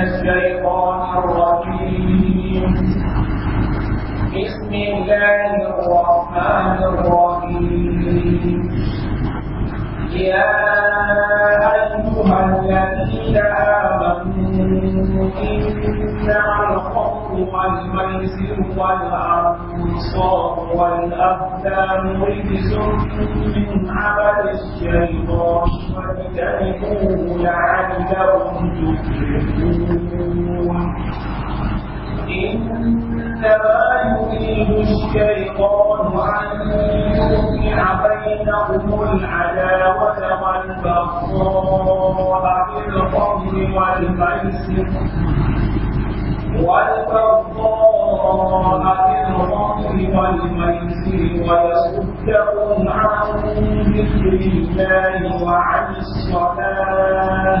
الشيطان الرجيم بسم الله الرحمن الرحيم يا أيها الذين آمنوا إن الخمر والميسر والأنصار والأبدان رجس من عمل الشيطان فاجتنبوه لعلكم لعلهم يفلحون إنما يريد الشيطان أن يوقع بينهم العداوة والبغضاء بالخمر والميسر والبغضاء بالخمر والميسر ويصدهم عن ذكر الله وعن الصلاة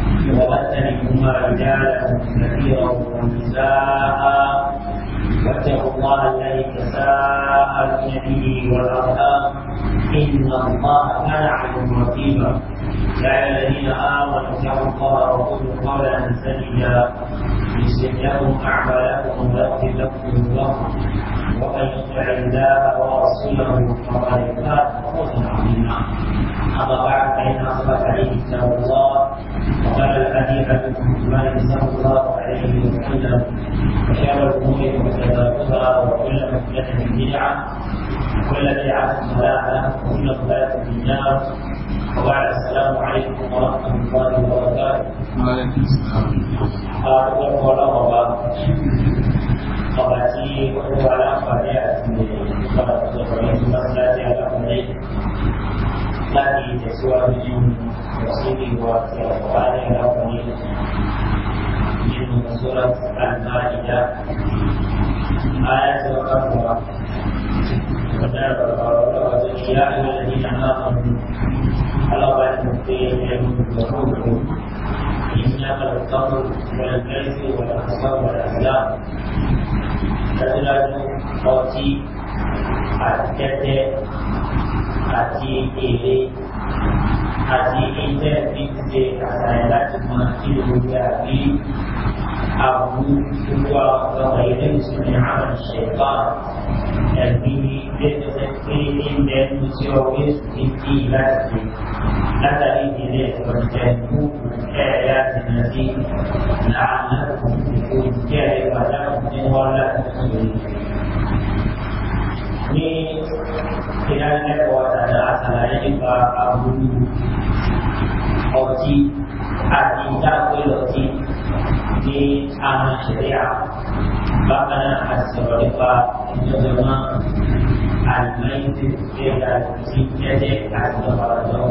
وبث منهما رجالا كثيرا ونساء واتقوا الله الذي تساءلون به والارحام ان الله كان عليكم رقيبا يا الذين امنوا اتقوا الله وقولوا قولا سديدا يصلح لكم أعمالكم ويغفر لكم الله وأن يطع الله ورسوله فقد فاز فوزا عظيما أما بعد فإن أصبح عليه كتاب الله وقال الحديث عن عثمان صلى الله عليه وسلم وشر الأمور محدثاتها وكل محدثة بدعة وكل بدعة ضلالة وكل ضلالة في النار وبعد السلام عليكم ورحمة الله وبركاته. وعليكم السلام. قباتي وعلى أخوانيات من قبات الزهرين المسلاتي على أمري لكي تسوى بجن وصيبي وفي القرآن على أمري من سورة المائدة آية القرآن ودار القرآن وزكي يا أيها الذين آمنوا ألا إنما الخمر والميسر والأنصار والأزلام تزلج أوتي أتتت أتي إلي أتي إلي أتي إلي أتي إلي أتي إلي أصحابه وغير من عمل الشيطان تلبيه بتذكيرهم بالمسيوس في بأسه لا تريد إليه وجنبوه آياتنا فيه لعلكم تكون كارهة لكم ولا ni idan na kawata da asala yin ba abu ọtí àti ìdáàbò ìlọtí di ahli syariah bahkan as-sabariqa itu memang al-maitu tidak disingkirkan as-sabariqa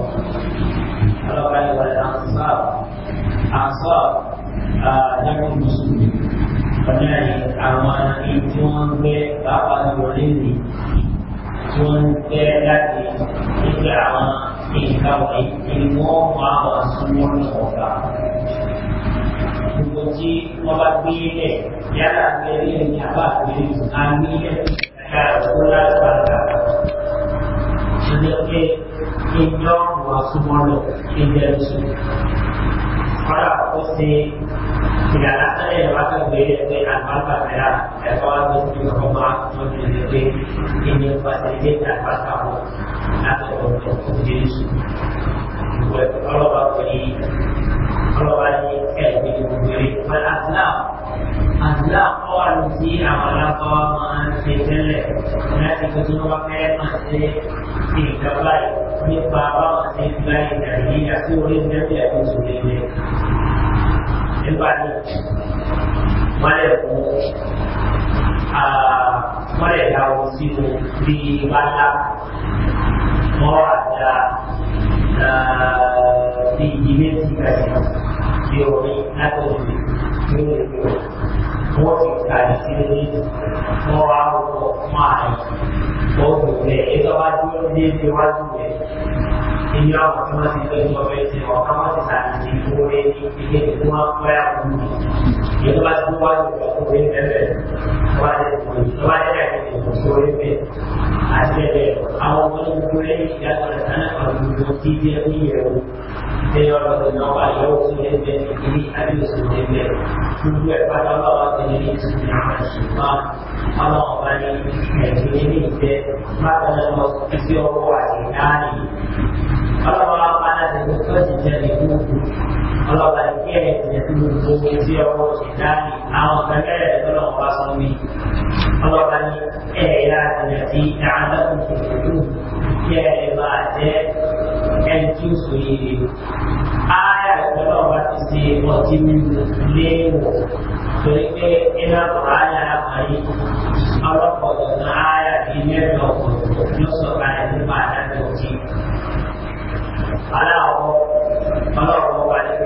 kalau kalian oleh ansar ansar ah, jangan musuh pernah awan itu ke bapa ini tuan ke lagi itu awan ini kau ini mau mahu semua kunci obat ini ya milik yang nyawa milik kami ya sudah sepakat sedikit hijau buah sumolo hijau susu para posisi tidak ada yang dapat beri dari antar pada ya kalau mesti berhormat menjadi ini pasti tidak dapat kamu atau untuk diri sendiri ọlọ́ba pẹ̀lú ọlọ́ba ní ẹ̀ẹ́dì obìnrin pẹ̀lú aslam aslam ọwọ́ àti tí àwọn alákọ̀ọ́ máa ń ṣe tẹ́lẹ̀ láti tó tí wọ́n fẹ́ máa ṣe ìjọba nípa báwọn ṣe ń sulit, ìdàgbé àti orí ìdẹ́bí àti ìṣòro ilé nípa ní wọ́n lè kú wọ́n lè dáwọ́ sínú bíi wáńlá di diversificação de homem a homem, de mulher a Pode parecer com algo mais, ou mulher, isso vai dizer que vai dizer. E não, você não se deu uma vez, você não se sabe, se for ele, ele tem uma fé a 有的把不管我我也没没，我我我也在这里，我也没，还是这个，然后我们不愿意家做的，咱们我们直接毕业，这要是能把业务时间变成一米三六时间变，工作发展到了这里是两万十啊，发展到万里每天的那些，那可能我需要我家里，发展到了发展成个几千里。ọlọ́ba díẹ̀ ẹ̀sìn gbogbo tí ọwọ́ ṣètáàlì àwọn kẹ́kẹ́rẹ́ lọ́lọ́wọ́ bá sọ mí ọlọ́ba ní ẹ̀yà àtẹ̀lẹ́sí àádọ́kùn tòkòtò kí ẹ̀rẹ́ bá jẹ́ ẹni tí ó sọ yìí rè áyà ìfọlọ́wọ́ bá ti ṣe ọtí mímu léèwọ̀ torí pé iná kọ̀ áyà àbáyé ọlọ́pọ̀ ọ̀nà áyà bíi mẹ́ta ọ̀pọ̀ yóò sọ̀rọ̀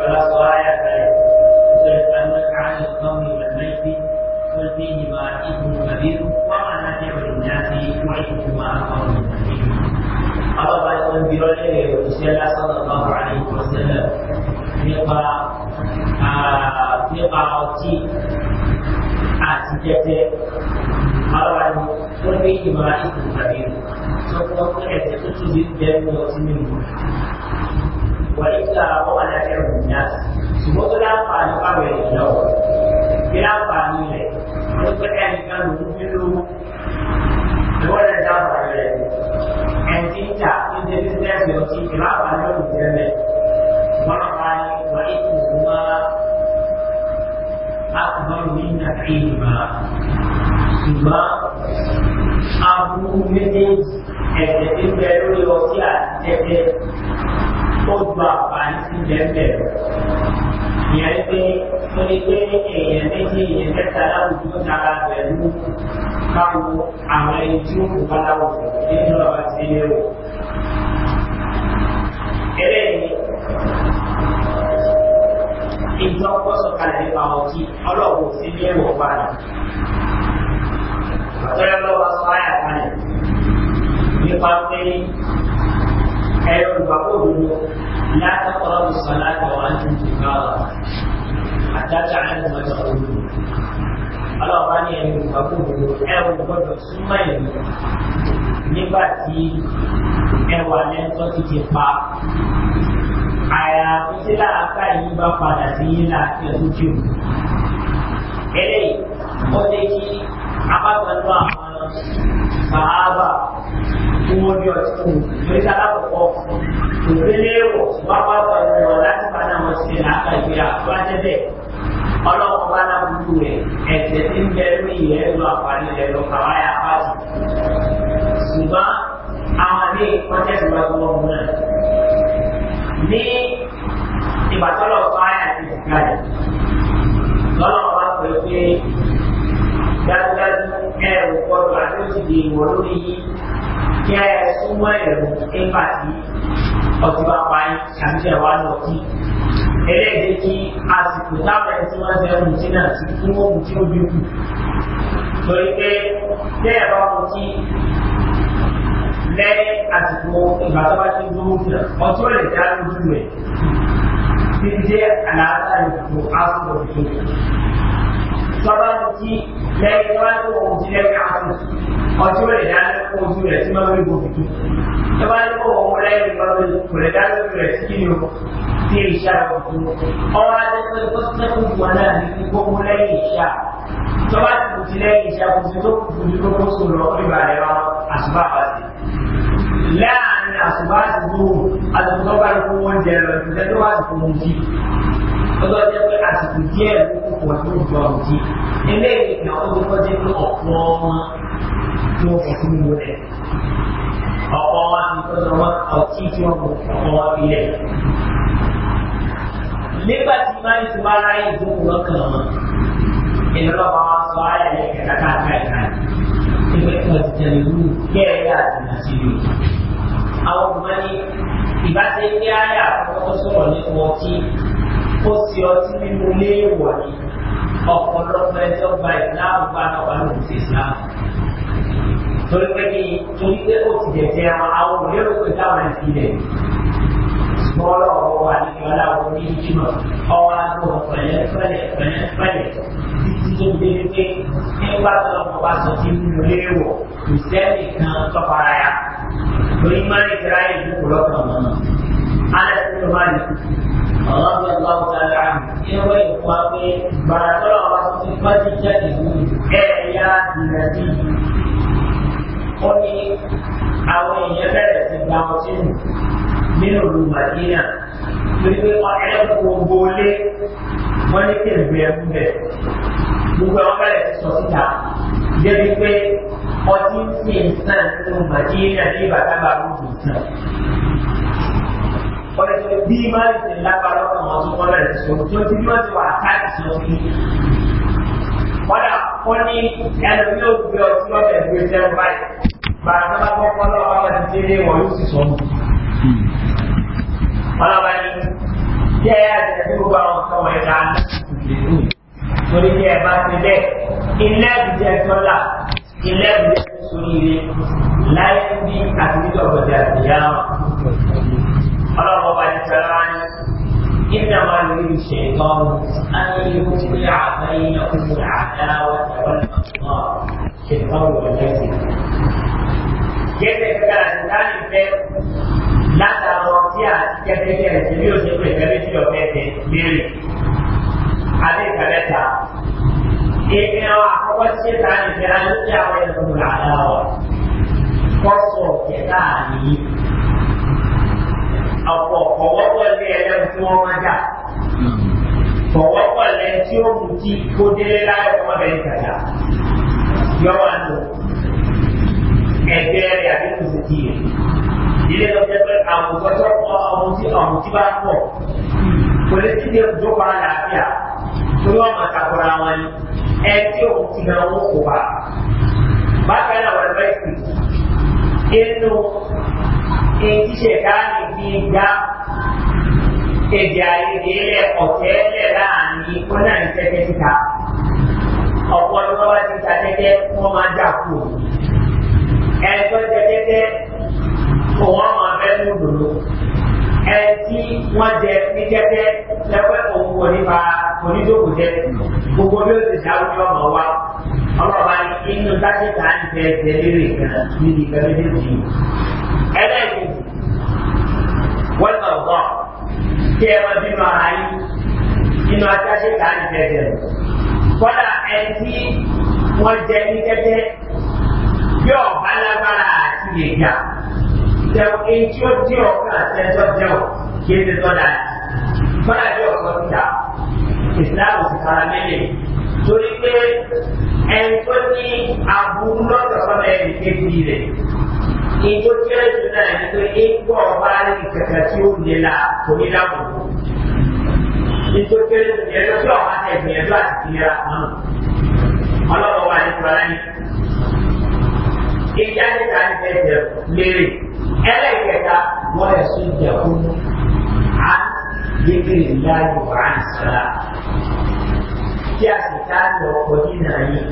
ثلاث آيات نزلت أنك عن القول والميت قل فيهما إثم كبير وما نافع للناس وإثمهما أكبر من نفعهما أبا بأسن برجل وسيلة صلى الله عليه وسلم nípa nípa ọtí àti tẹ́tẹ́ ara ni wọ́n gbé ìmọ̀ àìsàn tàbí tó kọ́ ẹ̀tẹ́ tó tún bí bẹ́ẹ̀ ní ọtí mímu wàlíṣà ọ̀wọ́lá ẹ̀rù ní àti ṣùgbọ́n tó láǹfààní fáwọn èèyàn náà kí láǹfààní rẹ̀ ló pẹ́ ẹnìkan lòún fi lówó ìwọ́lẹ̀ láǹfààní rẹ̀ ẹ̀ǹtí ń tà ní ṣe bísíǹsì ọtí ìláǹfààní ló ń jẹ́ mẹ́ wọ́n pa ní wàlíṣà ìgbìmọ̀ akùnrin ní nàìjíríà ṣùgbọ́n aburú méjèèjì ẹ̀jẹ̀ ti bẹ lórí ọtí àti tẹ́tẹ́ ó ju àǹfààní sí lẹ́sẹ̀ rẹ̀. ìyẹn pé ó ní pé èèyàn méjì èèyàn mẹ́ta láwùjọ tó dára pẹ̀lú káwo àwọn ẹni tí ó kù bá láwùjọ nínú ọ̀rọ̀ sí ilé wò. eléyìí ìjọ gbọ́sọ̀ kalẹ̀ nípa ọtí ọlọ́wọ́ sí ilé wò bá rẹ̀. ọ̀tọ́ yẹn lọ́wọ́ sọ ayà kalẹ̀ nípa pé ẹ̀rọ ìgbàgbọ́dọ̀ látọ̀kọ̀rọ̀ mùsùlùmí àwọn àjùmọ̀ ìgbàlá àtàtà àjùmọ̀ ìgbàlódé. Ọlọ́ọ̀bá ní ẹ̀rọ ìgbàgbọ́dọ̀ ẹ̀rọ gbọ́dọ̀ súnmọ́ ìlú nígbà tí ẹwà lẹ́tọ́ ti ti pa. Àyàfi tí láàká yìí bá padà sí yílà ẹ̀kú jù. Eléyìí, ó lé kí abágbọ́dọ̀ àwọn sàábà wọ́n bí ọtí fún un ní sálábọ̀pọ̀ ìpele wọ̀ wá wá wà lọ́wọ́ láti bá náà wọ́n ṣe àgbàgbé àfúrájẹ́bẹ̀ ọlọ́wọ́ bá náà burú rẹ̀ ẹ̀jẹ̀ tí ń bẹ lórí ìyẹn lọ àǹfààní rẹ̀ lọ kàwáyà pàṣẹ. ṣùgbọ́n àwọn ní kọ́ńtẹ́sì wá gbọ́ ọ̀hún náà ní ìbátọ́lọ̀ fáyà ti gbàdẹ̀ lọ́lọ́wọ́ bá pè é pé dájúdájú ẹ̀rù kọ́dọ̀ àti òṣìṣẹ́ ìwọ̀ lórí yìí kẹ súnmọ́ ẹ̀rọ nígbà tí ọtí bá pa yín tàbí tẹ̀ wá lọ kí ẹlẹ́gbẹ́ kí àsìkò táwọn ẹni tí wọ́n ṣe ń mutí náà ti kí wọ́n mutí ó bí kù torí pé bẹ́ẹ̀ bá mutí lẹ́yìn àsìkò ìgbà tó bá ti dúró fún ọ tí lè dá lójú rẹ̀ títí dé àlàáfíà ìdìbò áfọ̀ òfin tọ́ba mutí lẹ́yìn wá tó ohun ti lẹ́ka fún ọtí ó lè dá lẹ́kọ̀ọ́ ojú rẹ̀ tí máa ń gbogbo tutù ẹ bá lẹ́kọ̀ọ́ ohun lẹ́yìn lọ́dún kò lè dá lójú rẹ̀ sí inú sí ìṣá ọ̀tún ọwọ́ adẹ́kọ̀ọ́ ikọ́ sẹ́kùn wọn náà ní kíkọ́ ohun lẹ́yìn ìṣá tọ́ba ti kù sí lẹ́yìn ìṣá kò sí tó kù sí tó kó sùn lọ nígbà rẹ̀ wá àṣùbà àbáṣe láàrin àṣùbà àti gbòòrò àtùtù ọlọ́wọ́ jẹ́ pé àsìkò díẹ̀ lókùnkùn ní ìjọ ọ̀dí eléyìí ìyàwó tó kọ́ jẹ́ pé ọ̀pọ̀ wọn tí wọ́n kọ̀ sínú rẹ̀ ọ̀pọ̀ wọn ti tọ́jú wọn ọtí tí wọ́n mú ọ̀pọ̀ wọn bílẹ̀. nígbà tí máa ń ti wá ráyè ìdókòwò lọ́kàn wọn ìlọ́lọ́pàá wọn sọ ayé ẹ̀ kẹta káàkiri káàkiri ìgbẹ́ kan ti tẹ̀lé wú bẹ́ẹ̀ yà àdúrà sí i. àwọn ọmọ ní ìbáṣe ní ayé àkọ́kọ́ sọ̀rọ̀ nípa ọtí ó sì ọtí nínú ilé ìwọ̀ ni ọ̀pọ̀lọpọ̀ ẹjọ́ gba ìsìláàmù bá náà wà lóun sí ìsìláàmù. torí pé kí torí pé ó ti dẹ̀jẹ̀ àwọn àwọn òlérò pé táwọn ẹ̀ fi lẹ̀ bọ́lá ọ̀rọ̀ wa ní ìyọ́lá wọn ní ìjìmọ̀ ọwọ́ agbóhùn pẹ̀lẹ́ pẹ̀lẹ́ pẹ̀lẹ́ pẹ̀lẹ́ títí tó dé wípé nígbà tó ọmọ wa sọ sí nínú ilé wọ̀ kò sẹ́ẹ̀lì kan tọ́para ya lórí máa ń tẹ́ra ìlú kò lọ́kàn mọ́nà alẹ́ tó máa ń رضي الله تعالى عنه يروي إخواني بارك الله رسول فجده إعياد النبي قل أو يبدأ سبعة nínú ìlú madina wípé ọ̀rẹ́ gbogbo lé wọ́n ní kébìrì ẹ̀kú bẹ̀. gbogbo àwọn bẹ̀rẹ̀ ti sọ síta débi pé ọtí ń sìn sàn nínú madina ní bàtà bàbá òkú sàn ọ̀rẹ́ tó bí máa ń tẹ̀ lágbára ọ̀nà wọn tó wọ́n rẹ̀ tó tó ti bí wọ́n ti wà káàdì sí wọn ní. Wọ́n kọ́ ní ẹnu yóò gbé ọtí ọ̀bẹ ìwé jẹun báyìí. Bàrà tó bá kọ́ kọ́ lọ́wọ́ bá ti dé wọn yóò sì sọ́nù. Ọlọ́ba ní kí ẹ yá àtẹ̀tẹ̀ tí gbogbo àwọn nǹkan wọ̀nyí ká ní ìlú. Torí kí ẹ bá ti bẹ́ẹ̀, ilé ìjẹ tọ́lá, ilé ìjẹ sórí ilé, láyé bí àtúndì ọ̀gbọ̀dẹ̀ àti ọlọ́run bá ti tẹ̀lá ní إنما يريد الشيطان أن يوقع بينكم العداوة والبغضاء في القول والجزم. كيف كان الإنسان látàrọ tí a ti kẹ́kẹ́ kẹ́ ẹ̀sìn bí o ṣe pé ìkẹ́lẹ́ tí ọ̀fẹ́ ẹ̀sìn léèrè. Adé ìkẹ́lẹ́ ta. Èmi àwọn àkọ́kọ́ tí ṣètà ní ìfẹ́ alójú àwọn ẹ̀sìn làdá wa. Kọ́sọ̀ kẹta nìyí ọ̀pọ̀ fọwọ́pọ̀ lé ẹ̀dá tí wọ́n máa dà fọwọ́pọ̀ lẹ tí ó mú kí kó délé láyé ọmọbìnrin kàdá yọwọ́ àlọ́ ẹgbẹ́ rẹ̀ àbí kò sì kí rẹ̀ ilé lọ jẹ́ pé àwùjọ tó kọ́ ọmọ tí ọmọ tí bá pọ̀ kò lè ti dé ìjọba àlàáfíà tó yọ ọmọ àtàkùrọ̀ àwọn ẹni ẹ tí òun ti náà wọ́n kò wá bákan náà wọ́n bẹ́ẹ̀ sì inú ìṣẹ̀dá ni ti dá èdè àìyedè lẹ̀ ọ̀tẹ́ lẹ̀ láàrin ó náà ní tẹ́tẹ́ síta ọ̀pọ̀ ni wọ́n bá ti ta tẹ́tẹ́ wọ́n máa dà kú ẹ̀tọ́ tẹ́tẹ́ òun àwọn abẹ́nú dòdò ẹtí wọ́n jẹ ní tẹ́tẹ́ lẹ́wẹ́ òun kò nípa onídòkò jẹ gbogbo bí ó ti ṣàwùjọ ọmọ wa ọlọ́ba ní inú táṣítà ń tẹ ẹsẹ̀ lérè kan níbi ìgbẹ́ méjèèjì ẹlẹ́ẹ̀kejì kí ẹ máa bínú ara yín inú ajá ṣe kà á ní tẹ̀tẹ̀ rẹ̀ kọ́dà ẹni tí wọ́n jẹ ní tẹ́tẹ́ yóò bá lágbára àti lè gbà jẹun èyí tí ó dé ọ̀kan àti ẹjọ́ jẹun kí ẹ ti tọ́jà kọ́dà bí ọ̀kan ti dà ìsìláàmù ti fara mẹ́lẹ̀ torí pé ẹni tó ní aburú lọ́sọ̀ọ́sọ́ bẹ́ẹ̀ ní rẹ̀ ìbò kéré jù náà ni pé ìgbọ́ bá rí kẹ̀kẹ́ tí ó lè la kò ní dáàbò bò. Ìtò kéré jù yẹn ló fi ọ̀hún àti ìgbìyànjú àti ìlera kan. Ọlọ́run wà ní Kọ́lá ní. Ìjà níta ní ẹ̀jẹ̀ lérè. Ẹlẹ́kẹ̀ta wọ́n lè sún ìjà fún à yékèrè ìyá Yorùbá àìsàn. Tí a sì ká lọ kọjú yìí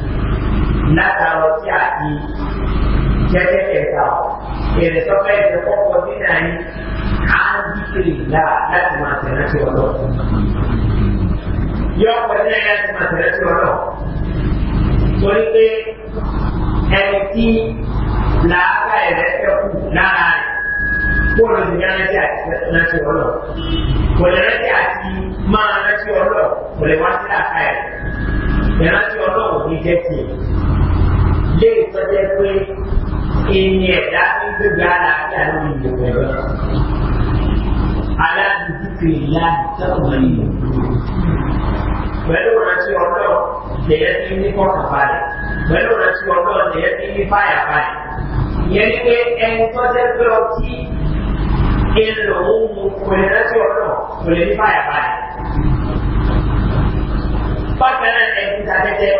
látàrọ tí a di jẹ́jẹ́ kẹta ìrìn tó fẹ́ ìṣe kọ́kọ́ nínú ayé á ń díkiri ìlà láti máa tẹ̀lé sí ọ̀dọ́. Yọ ọkọ̀ ní ayé láti máa tẹ̀lé sí ọ̀dọ́. Torí pé ẹni tí làákà ẹ̀rẹ́ fẹ́kù lára rẹ̀ kó ló ti rántí àti rántí ọ̀dọ́. Kò lè rántí àti máa rántí ọ̀dọ́ kò lè wá sí làákà ẹ̀rẹ́. Ìrántí ìyẹn ẹ̀dá ní gbégbé àlàáfíà lórí ìdìbò rẹ̀. Aláàbùkù ìlà ìtọ́kùnrin yìí. Pẹ̀lú ìrántí ọlọ́ọ̀ lèyẹ́ ti ní kọ́kàn balẹ̀. Pẹ̀lú ìrántí ọlọ́ọ̀ lèyẹ́ ti ní fáyà balẹ̀. Ìyẹn ni pé ẹni tó jẹ́ pé ọtí ìlò ohun kò lè rántí ọlọ́ọ̀ kò lè ní fáyà balẹ̀. Bákan náà ẹni tàbí tẹ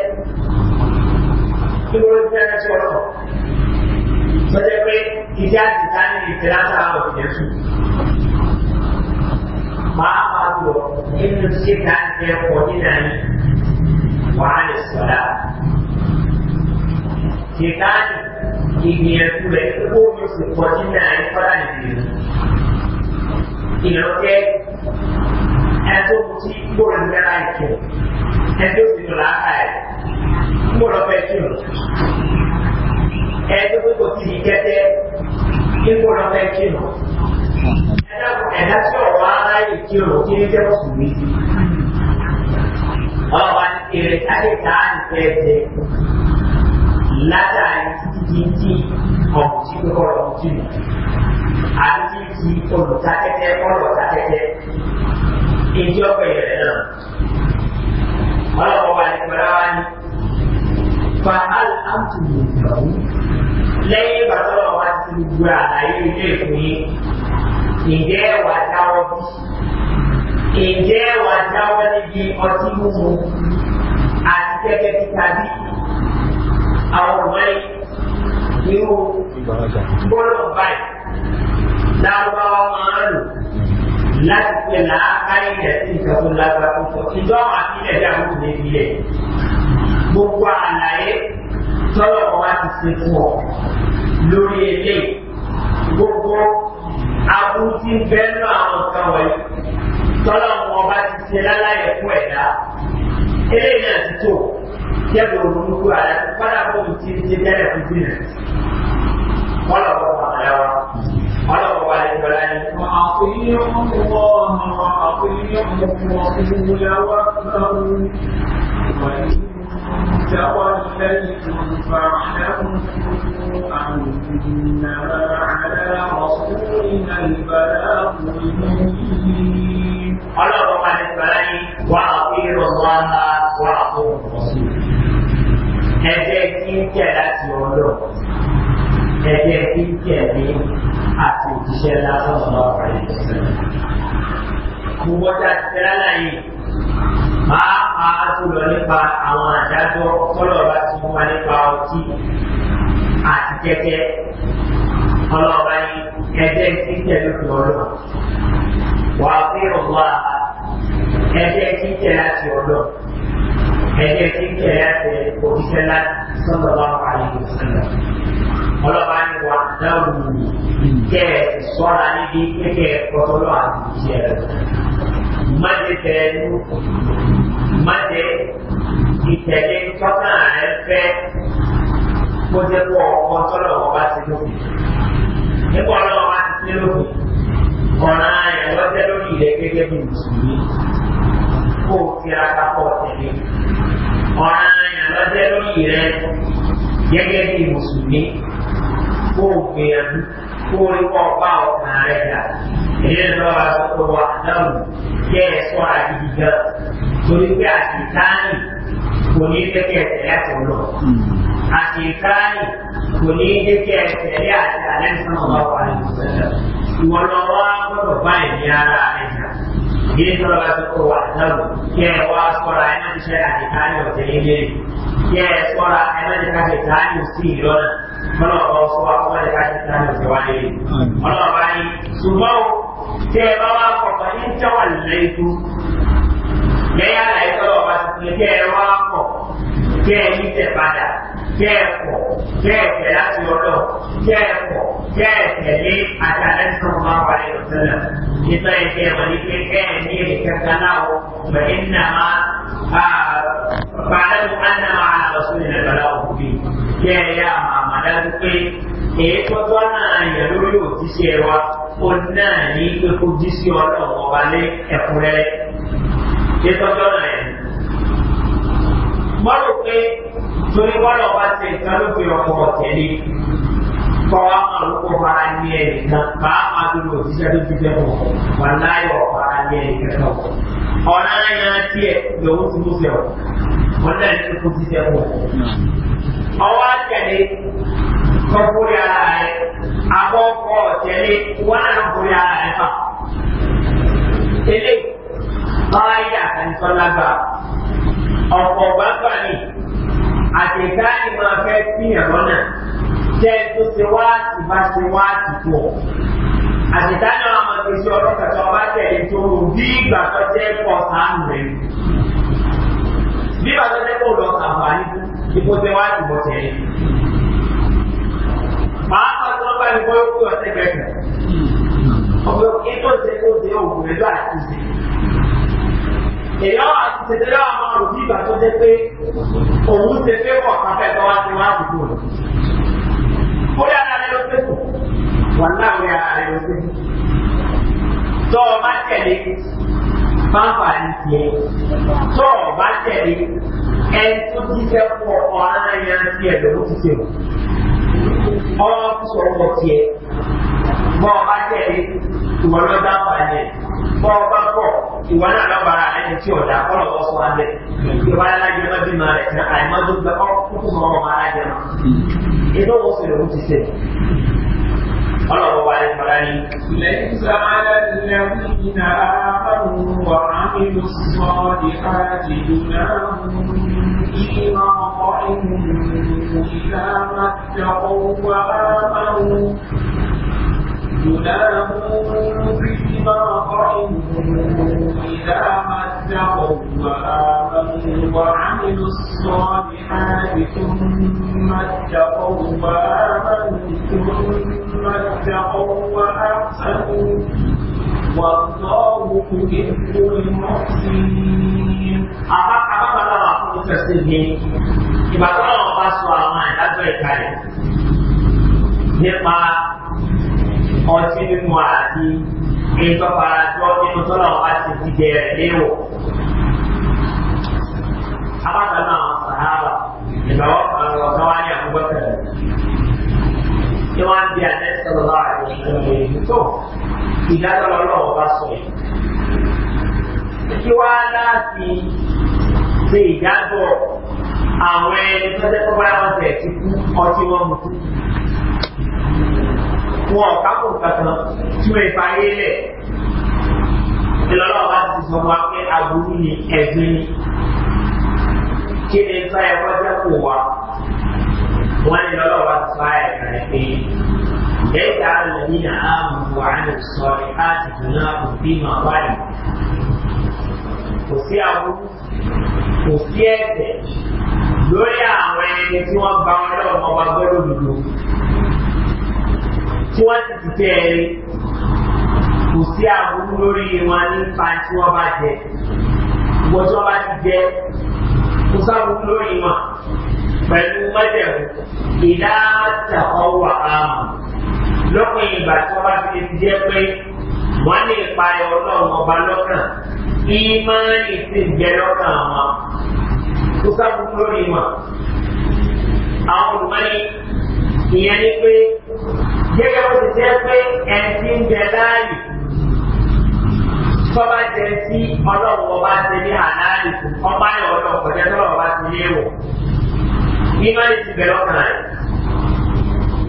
kí wọ́n ti rántí ọlọ́ọ̀ sọjọ́ pé ìdí àtìká ní ìtẹ́lá sára òkè tù. Pàápàá lọ nínú síta ní ẹ̀kọ́ nínú àná wàhálà ìsọ̀lá. Kíkà ní ìgbìyànjú rẹ̀ kó omi sì pọ̀ nínú àná kọ́lá nìyí. Ìlọ́kẹ́ ẹ̀tọ́ mu ti gbòòrò ní ara ìtò ẹ̀tọ́ sì lọ́la ká ẹ̀ gbòòrò fẹ́ kí lọ ẹni pé kò sí kẹ́tẹ́ kíkó lọ fẹ́ kírun ẹ̀dá tí ọ̀rọ̀ aráyè kírun kí ní jẹ́ oṣù mi sí. ọba èrè táyé táà ń fẹ́ látàrí títí tí ọ̀pọ̀ tí kò lọ sí mi àti títí olùtakẹ́tẹ́ olùtakẹ́tẹ́ ìjọba ìrẹ̀ náà ọlọ́pàá wà pẹ̀lú àwọn fàhál àtúntò ìdàrú lẹ́yìn ìgbà tó lọ wá sí gbogbo àlàyé ilé ìpín ǹjẹ́ wà dáwọ́ bí ǹjẹ́ wà dáwọ́ níbi ọtí mímu àti tẹ́tẹ́ títa bí àwọn ọ̀rẹ́ irú gbọ́dọ̀ báyìí lárúbáwá máa ń lò láti pè láàkáyé rẹ̀ sí ìjọba lágbàá tó sọ ìjọba àti ilẹ̀ dàrú níbi ilẹ̀ gbogbo àlàyé tọ́lọ̀ wa ti ṣe fún ọ lórí ilé gbogbo abúti bẹ́ẹ̀nu àwọn nǹkan wọ̀nyí tọ́lọ̀ wọn bá ti ṣe láláyè fún ẹ̀dá eléyìí náà ti tó yẹ́bù olùkú àlàyé padà fún mi ti ṣe tẹ́lẹ̀ fún bí nà ọlọ́wọ́ àlẹ́ wa ọlọ́wọ́ wa lè gbọ́dá ní. àpèyẹ ọmọ ọmọ àpèyẹ ọmọ ọmọ ìwúlẹ̀ wa ń tọ́lú. توليتم فاعلموا أنما على رسولنا البلاغ المبين قال رب العالمين وأطيعوا الله وأطيعوا الرسول ẹjẹ kíkẹ láti ọlọ ẹjẹ kíkẹ ní àti òjíṣẹ lásán ọlọpàá yìí gbogbo ọjà ti tẹ́lá yìí pàápàá jùlọ nípa àwọn àdájọ́ tọ́lọ̀bá ti mú wa nípa ọtí àti kẹ́kẹ́ ọlọ́ọ̀bá ní ẹgbẹ́ tí tẹ̀lé fún ọlọ́ wà pé ọ̀gbọ́n ẹgbẹ́ tí tẹ̀lé àti ọlọ́ ẹgbẹ́ tí tẹ̀lé àti òṣìṣẹ́ láti sọ́dọ̀ bá wà ní ìṣẹ̀lẹ̀ ọlọ́ọ̀bá ní wà dáhùn ìjẹ́ sọ́ra níbi kékeré ọtọ́lọ́ àti ìṣẹ̀lẹ̀ má ti tẹ̀lé má jẹ ìtẹ̀lé tọ́nà rẹ fẹ́ kó jẹ́ kó ọkọ tọ́nà wọn bá ti lókun. nípa ọlọ́run bá ti sí lókun ọ̀ràn ẹ̀ lọ́jẹ́ lórí ilẹ̀ gẹ́gẹ́ bí mùsùlùmí kó o ti ra kápọ̀ tẹ̀lé. ọ̀ràn ẹ̀ lọ́jẹ́ lórí rẹ gẹ́gẹ́ bí mùsùlùmí kó o gbìyànjú kórí kọ́ bá ọkàn rẹ̀ dà èyí lọ́wọ́ àtúntò wà lọ́rùn jẹ́ ẹ̀sọ́ àdìdì gan torí pé àṣìkáàní kò ní kẹ́kẹ́ ẹ̀sẹ̀ ẹ̀sẹ̀ lọ àṣìkáàní kò ní kẹ́kẹ́ ẹ̀sẹ̀ ẹ̀yà àti àlẹ́ ìsọ̀nà wà ní ìwọ̀n lọ́wọ́ gbọ́dọ̀ bá ẹ̀mí ara rẹ̀ dà. Dia kalau baca kuat tahu, dia awal sekolah enak bisa dikali macam ini. Dia sekolah enak dikasih tani mesti lor. Kalau kau sekolah kau dikasih tani mesti wali. Kalau wali, subau dia bawa kau paling cawan itu. Dia yang lain kalau baca dia awal kau, dia ini terpada kẹ́ẹ̀kọ́ kẹ́ẹ̀kẹ́ láti ọ̀dọ̀ kẹ́ẹ̀kọ́ kẹ́ẹ̀kẹ́lé àtàlẹ́sàn máa wà lẹ́yìn ọ̀sẹ̀lẹ̀ nígbà ẹ̀kẹ́ wọn ni pé kẹ́ẹ̀ní èrè kankan láwọ pẹ̀lú nàmá fàlẹ́nu ánàmá àlọ́sùn ìrẹ̀lẹ́lá òkúbi kẹ́ẹ̀yà àmàdá náà yẹ lórí òjíṣẹ́ wa ó náà ní pé jíṣẹ́ ọlọ́run ọba lé ẹ̀kúnrẹ́rẹ́ èyí náà yẹ. mọ́rò pé torí wọ́lọ̀ bá ṣe nǹkan ló fi ọkọ̀ tẹ̀lé kọ́wá àlùkò fara ní ẹnìkan bá àdúgbò òṣìṣẹ́ tó ti fẹ́ mọ̀ wà láyọ̀ fara ní ẹnìkan kan. ọ̀nà ẹ̀yàn tiẹ̀ lòun ti mú fẹ́ ọ̀ wọ́n náà ní kó ti fẹ́ mọ̀. ọwọ́ àtẹ̀lé kọ́kúrẹ́ ara rẹ̀ akọ́kọ́ tẹ̀lé wọ́n náà lọ́kùnrin ara rẹ̀ fà. eléyìí báyà àtàlùsọ́lágbà ọ̀pọ̀ gbàgbà ni àtẹ̀gáàlì máa fẹ́ fihàn lọ́nà jẹ́ tó ṣe wá ti bá ṣe wá ti pọ̀. àtẹ̀gáàlì àwọn ọmọ tó ṣe ọ̀rọ̀ kẹta ọba tẹ̀lé tó rò bí ìgbà tó jẹ́ pọ̀ sáànù rẹ̀. bí ìgbà tó jẹ́ pọ̀ lọ àǹfààní ipò tẹ wá ti bọ̀ tẹ̀lé. pàápàá tí wọ́n bá ní bọ́ yókù ọ̀sẹ̀ bẹ̀rẹ̀ ọ̀pọ̀ ètò ìṣẹ́kọ̀ọ́ èyàn wà ti ṣe tẹ́lẹ̀ àwọn ọmọ òbí ìgbà tó jẹ́ pé òun ṣe pé wọ̀ káfẹ́ tó wá sí wá àdúgbò rẹ̀. ó yà lára ló pé kù wà láwé ara ló pé. tó o bá tẹ̀lé báńkà ní tiẹ̀ tó o bá tẹ̀lé ẹni tó jíṣẹ́ fún ọ ọ̀ràn yẹn tiẹ̀ lòún ti ṣe o. ọ̀rọ̀ sọ̀rọ̀ tiẹ̀ bọ́ ọ tẹ̀lé ìwọ náà dábàá ẹ̀ bọ́ ọ bá bọ̀ ìwọ náà lọ́bàá ẹni tí ọ̀dà kọ́lọ̀ bọ́ fún wa bẹ̀ ìwọ alájẹ náà bí máa rẹ̀ tán àìmọ́ tó gbẹ ọ́ kúkú mọ́ ọmọ alájẹ náà inú wọn fi lòun ti sè ọlọ́wọ́ wa ẹ̀ fara ni. lẹ́yìn sáárà ilẹ̀ ìnà àárùn wà á nínú sọ́ọ̀dì káàdì náà ìmọ̀ ọ̀pọ̀ ìmùlùmù ìlànà ìjọba wà á máa جناه فيما قعدوا إذا ما اتقوا وآمنوا وعملوا الصالحات ثم اتقوا وآمنوا ثم اتقوا وأحسنوا والله يحب المحسنين أما كما بدأ أقول تسليمي إذا كنا نقص وأمان لا تريد nípa ọtí mímu àti ìtọ́farajọ́ nínú tọ́lá ọba ti dìde rẹ̀ léwọ̀. Abákan náà wọ́n sàhábà ìgbàwọ́ ọ̀rọ̀ kan wá ní àkúgbọ́tẹ̀ rẹ̀. Ṣé wọ́n á di àlẹ́ sọ̀rọ̀ lọ́wọ́ àti ìṣẹ̀lẹ̀ èyí tó ìdájọ́ lọ́wọ́ bá sọ yìí. Kí wá láti ṣe ìdájọ́ àwọn ẹni tó jẹ́ kó bá wọn tẹ̀ ti kú ọtí wọn mú kú wọn ọ̀ká kò kankan tí wọ́n ìfà yé lẹ̀ ìlọ́lọ́wọ́ bá ti sọ wá pé aburú ni ẹ̀gbin ni kí ni sọ ẹ kọjá kò wá wọn ni ìlọ́lọ́wọ́ bá ti sọ ayẹ kan pé lẹ́yìn àlùmí nà á mú wa ní sọ ẹ̀ á ti dùn náà kò bí màá wáyé kò sí aburú kò sí ẹ̀sẹ̀ lórí àwọn ẹni tí wọ́n gba wọn ọba gbọ́dọ̀ dúdú tí wọ́n sì ti tẹ́ ẹ rí kò sí àbúrú lórí wọn nípa tí wọ́n bá jẹ ìwọ́n tí wọ́n bá ti jẹ kò sábúrú lórí wọn pẹ̀lú mọ́jẹ̀mú ìdáàtà ọwọ́ àmọ́ lọ́pọ̀ ìgbà tí wọ́n bá ti ti jẹ́ pé wọ́n lè pa ẹ̀ ọlọ́run ọba lọ́kàn ìmọ̀ọ́nì sì jẹ́ lọ́kàn wọn kò sábúrú lórí wọn àwọn olùmọ́ni ìyẹn ni pé gẹ́gẹ́ bó ti jẹ́ pé ẹ̀sí ń jẹ láàyè tọ́ba jẹ sí ọlọ́run ọba ṣe ní àlàyé ọba yọ ọlọ́run kọjá tọ́lọ́run ọba ti lé wọ̀ nígbà tí ti bẹ̀rẹ̀ ọkàn rẹ̀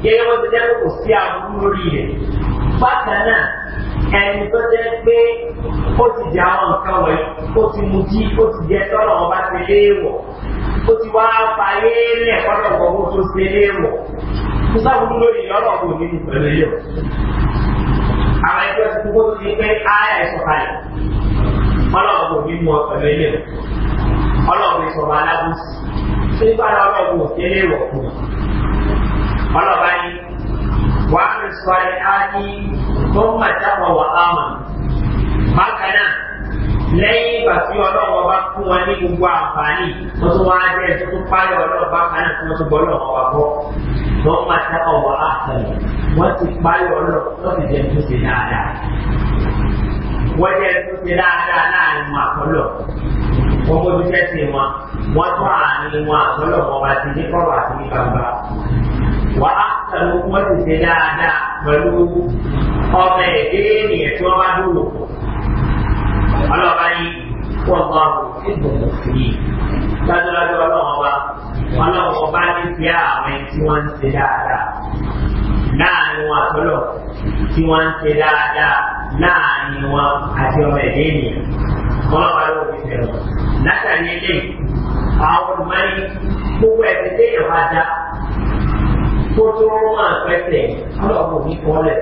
gẹ́gẹ́ bó ti jẹ́ pé kò sí àbúrú lórí rẹ̀ bákan náà ẹni tó jẹ́ pé ó ti jẹ àwọn nǹkan wọ̀nyí ó ti mutí ó ti jẹ tọ́lọ́run ọba ti lé wọ̀ ó ti wá fàyé lẹ̀ fọ́nà ọ̀gbọ̀n tó ṣe é wọ̀ kó sábúrú lórí ìyọ́nà ọ̀gbọ̀n nínú pẹ̀lú ilé ọ̀ àwọn ẹgbẹ́ ti kókó ti pé ayé ìsọ̀kalẹ̀ ọlọ́ọ̀gbọ̀n nínú pẹ̀lú ilé ọ̀ ọlọ́ọ̀gbọ̀n ìsọ̀rọ̀ alábùsì ṣé bára ọlọ́ọ̀gbọ̀n ṣe é wọ̀ fún ọlọ́ọ̀bá yìí wàá mi sọ lẹ́yìn ìgbà tí ọlọ́run ọba fún wọn ní gbogbo àǹfààní wọ́n tún wá jẹ́ ẹ̀sùn tó pálẹ̀ ọlọ́run bá kan náà tí wọ́n tún gbọ́ ọlọ́run ọba bọ́ wọ́n máa tẹ ọwọ́ àtẹ̀lẹ̀ wọ́n ti pálẹ̀ ọlọ́run wọ́n ti jẹ́ ẹ̀sùn ṣe dáadáa wọ́n jẹ́ ẹ̀sùn ṣe dáadáa láàrin wọn àtọ́lọ̀ wọ́n mójú tẹ́sí wọn wọ́n tún àárín wọn àtọ́lọ̀ wọn wá sí ní kọ́rọ̀ àti ní gbangba wọ́n á sọ̀rọ̀ wọ́n ti ṣe dáadáa pẹ̀lú ọmọ ẹ̀dẹ́ ọlọ́ọ̀bá ní wọ́n bá ẹ̀bùn òfin dájúdájú ọlọ́ọ̀bá ọlọ́ọ̀bá ní ti àwọn tí wọ́n ń ṣe dáadáa láàrin wọn àtọ́lọ̀ tí wọ́n ń ṣe dáadáa láàrin wọn àti ọmọ ẹ̀dẹ́ ènìyàn ọlọ́ọ̀bá ló fi fẹ́ wọn. látàrí eléyìí àwọn olùmọ́ni gbogbo ẹ̀sìn tí èèyàn bá dá kó tó máa pẹ́sẹ̀ ọlọ́ọ̀bá ò ní kọ́ lẹ̀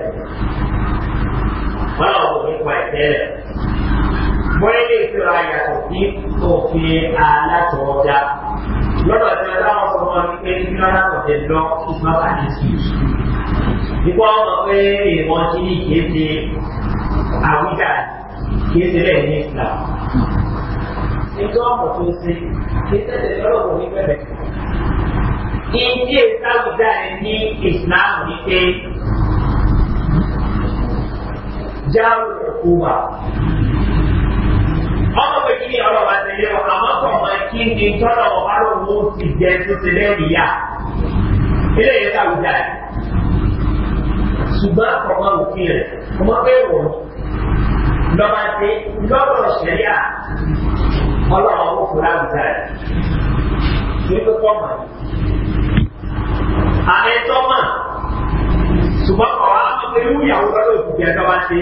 ọlọ́ọ̀bá ò ní kọ́ ẹ̀sẹ̀ lẹ̀ bóyá lè fi ra yàtọ̀ sí òfin alátọ̀ọ́dá lọ́dọ̀ tí wọ́n dáhùn fún wọn pé ní lọ́dọ̀ ọ̀dẹ lọ ìfọ́n àti sí i. Ipò àwọn ọmọ pé ìwọ̀n ti ní kìí ṣe àwùjá kìí ṣe bẹ́ẹ̀ ní ìgbà. Ẹjọ́ ọ̀pọ̀ tó ṣe kìí ṣẹ̀ṣẹ̀ lọ́rọ̀ kò ní bẹ̀rẹ̀. Ìdí ìsáwùjá rẹ̀ ní ìsìláàmù ní pé jáwé òkú wa kí ọ̀rọ̀ bá tẹ̀lé wọn àmọ́ pọ̀ mọ́ kí n kí ni. tọ́lọ̀ ọ̀bá ló mú ti jẹ tó ti bẹ́ẹ̀ níyà ilé yẹn ká wùdà yìí ṣùgbọ́n ọmọ òfin rẹ̀ ọmọ bẹ́ẹ̀ wọ̀ lọ́ba ṣe lọ́rọ̀ ṣẹ̀ríà ọlọ́run ó fura wùdà yìí ṣé pé pọ́ mọ́ ni tọ́ mọ́ ṣùgbọ́n ọ̀rọ̀ àwọn ọmọ ìlú ìyàwó lọ́dọ̀ òkùnkùn ẹ̀ lọ́ba ṣe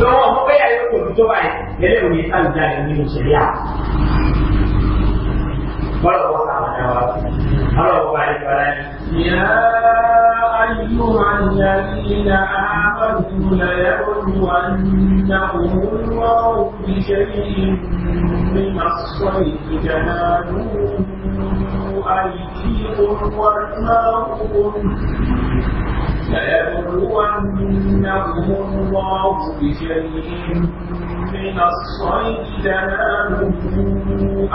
lọ́wọ́ bóyá yóò kò tó báyìí lẹ́lẹ́ òní àlùjá nínú ìṣẹ̀lẹ̀ à. Bọ́lá àwọn ẹ̀rọ bọ́lá bá yẹn bọ́lá yẹn. Yá ayúwa ni a ní na ábàdù na yẹ olú wa na òun wá òfin ṣe ní mi máa sọ ìgbìjà náà lóhùn àìkí náà òun. ليبلونهم الله بشيء من الصيد تناله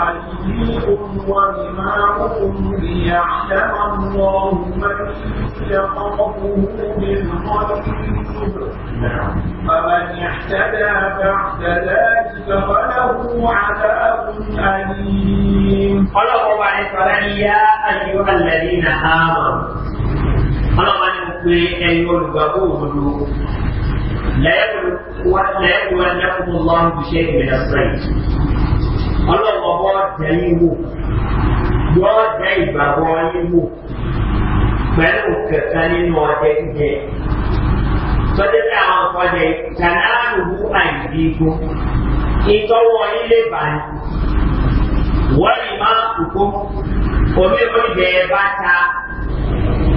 أيديكم ورماؤكم ليعلم الله من يخافه بالغيب فمن اهتدى بعد ذلك فله عذاب أليم قال الله عليه يا أيها الذين آمنوا ọlọ́ba ni mo pe ẹyin olùgbàgbọ́ òdodo lẹ́yìn wa lẹ́kùn lọ́rùn kò ṣe ìrìnà sẹ́yìn ọlọ́wọ́ bọ́ dẹ́yìn wò yọ́ dẹ́ ìgbàgbọ́ yín wò pẹ̀lú kẹ̀kẹ́ nínú ọdẹ jíjẹ tọ́jẹ́ pé àwọn ọ̀pọ̀jẹ kànáàlùbù àìdígbò ìtọ́wọ́ ilé bàní wọ́n ní máa kókó omi ìbọn ìbẹ̀ẹ́ bá ta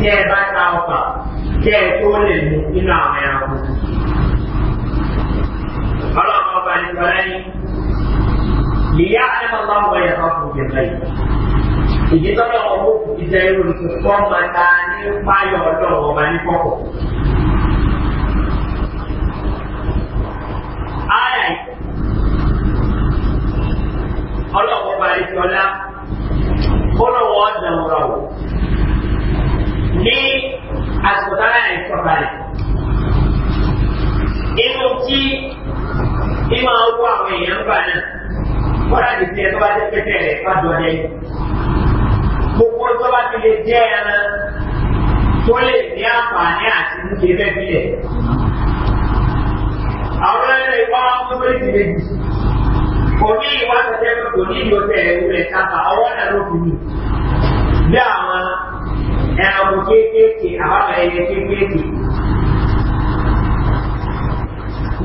kẹ́ ẹ bá ta ọkà kẹ́ ẹ tó lè mú nínú àwọn ẹranko. ọlọ́run ọba ní sọ́lá ní ìyá àdébọ̀lá ọba yẹn kan fún ìjẹ̀bẹ̀ yìí. ìdí tọ́lọ̀ ọ̀hún ìjẹ́ irú ìfúnpọ̀ máa ta ní páyọ̀ ọlọ́run ọba ní kọ̀kọ̀. ayà yìí ọlọ́run ọba ní sọ́lá ó lọ́wọ́ ọ̀dàn ọ̀rọ̀ ní àsìkò tára ẹ̀ sọ̀kalẹ̀. Inú tí ní máa wú àwọn èèyàn gbà náà, kọ́dà lè jẹ́ tó bá jẹ́ pẹ́tẹ́ rẹ̀ fájọ dẹ́. Gbogbo tó bá ti lè jẹ́ ẹran tó lè ní àǹfààní àti níbi ẹgbẹ́ bílẹ̀. Àwọn ẹ̀rọ ìwà tó bẹ́ẹ̀ ti lè jù. Òní ìwà tó jẹ́ pé kò ní ìlò tẹ̀ ẹ̀wù rẹ̀ sábà, ọwọ́ náà ló fi mú. Bí àwọn da abu kekeke a wata ya kekeke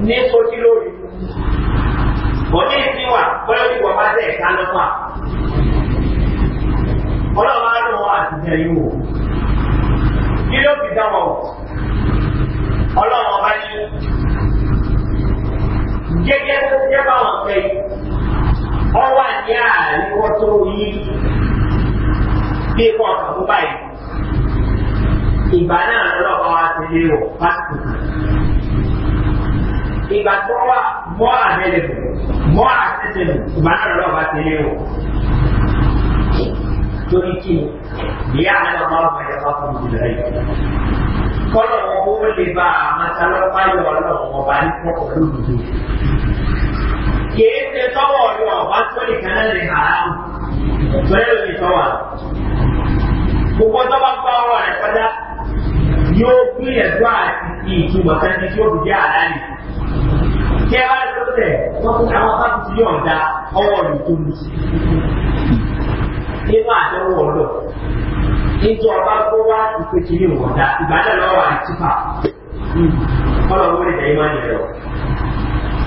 ní sojú lórí òní ìsínwà bọ́lọ́dì wọ́n bá tẹ̀ ká lọ́fà ọlọ́wọ́ á lọ́wọ́ àtijọ́ yìí wò kí ló fi ní gẹ́gẹ́ tó jẹ́ báwọn fẹ́ tó yí bí kò ọ̀sán ìgbà náà lọ́wọ́ wa ti lé wọ̀ lásìkò kan. ìgbà tó wà mọ́ àmẹ́lẹ̀kọ̀ mọ́ àtẹ́sẹ̀lẹ̀ ìgbà náà lọ́wọ́ wa ti lé wọ̀. torí kí ni ìyá àlọ́ máa ń bàjẹ́ wá fún ìdílé rẹ̀. kọ́lọ̀ wọn kó lè bá a máa ta lọ́pàá yọ ọlọ́run ọba ní pọ̀pọ̀ lódodo. kìí ṣe tọ́wọ́ ọ̀yọ́ ọba tó lè kaná lè hàrá Bẹ́ẹ̀ ló ti sọ wà. Gbogbo ọjọ́ bá gbá ọ̀rọ̀ rẹ̀ kọjá yóò gbìyànjú àti ti ìtumọ̀ sẹ́ni tí ó fi jẹ́ àdáni. Kí ẹ bá lè tó tẹ̀, wọ́n tún àwọn bá ti yọ̀ ọ̀dà ọwọ́ rẹ̀ tó lù sí. Nínú àdánwò ọ̀dọ̀, níjọ́ ọba gbó wá ìpèkì ní ìwọ̀dà, ìbádàn náà wà tífà. Ọlọ́run wọlé ìdá ìmọ̀ nìyẹn o.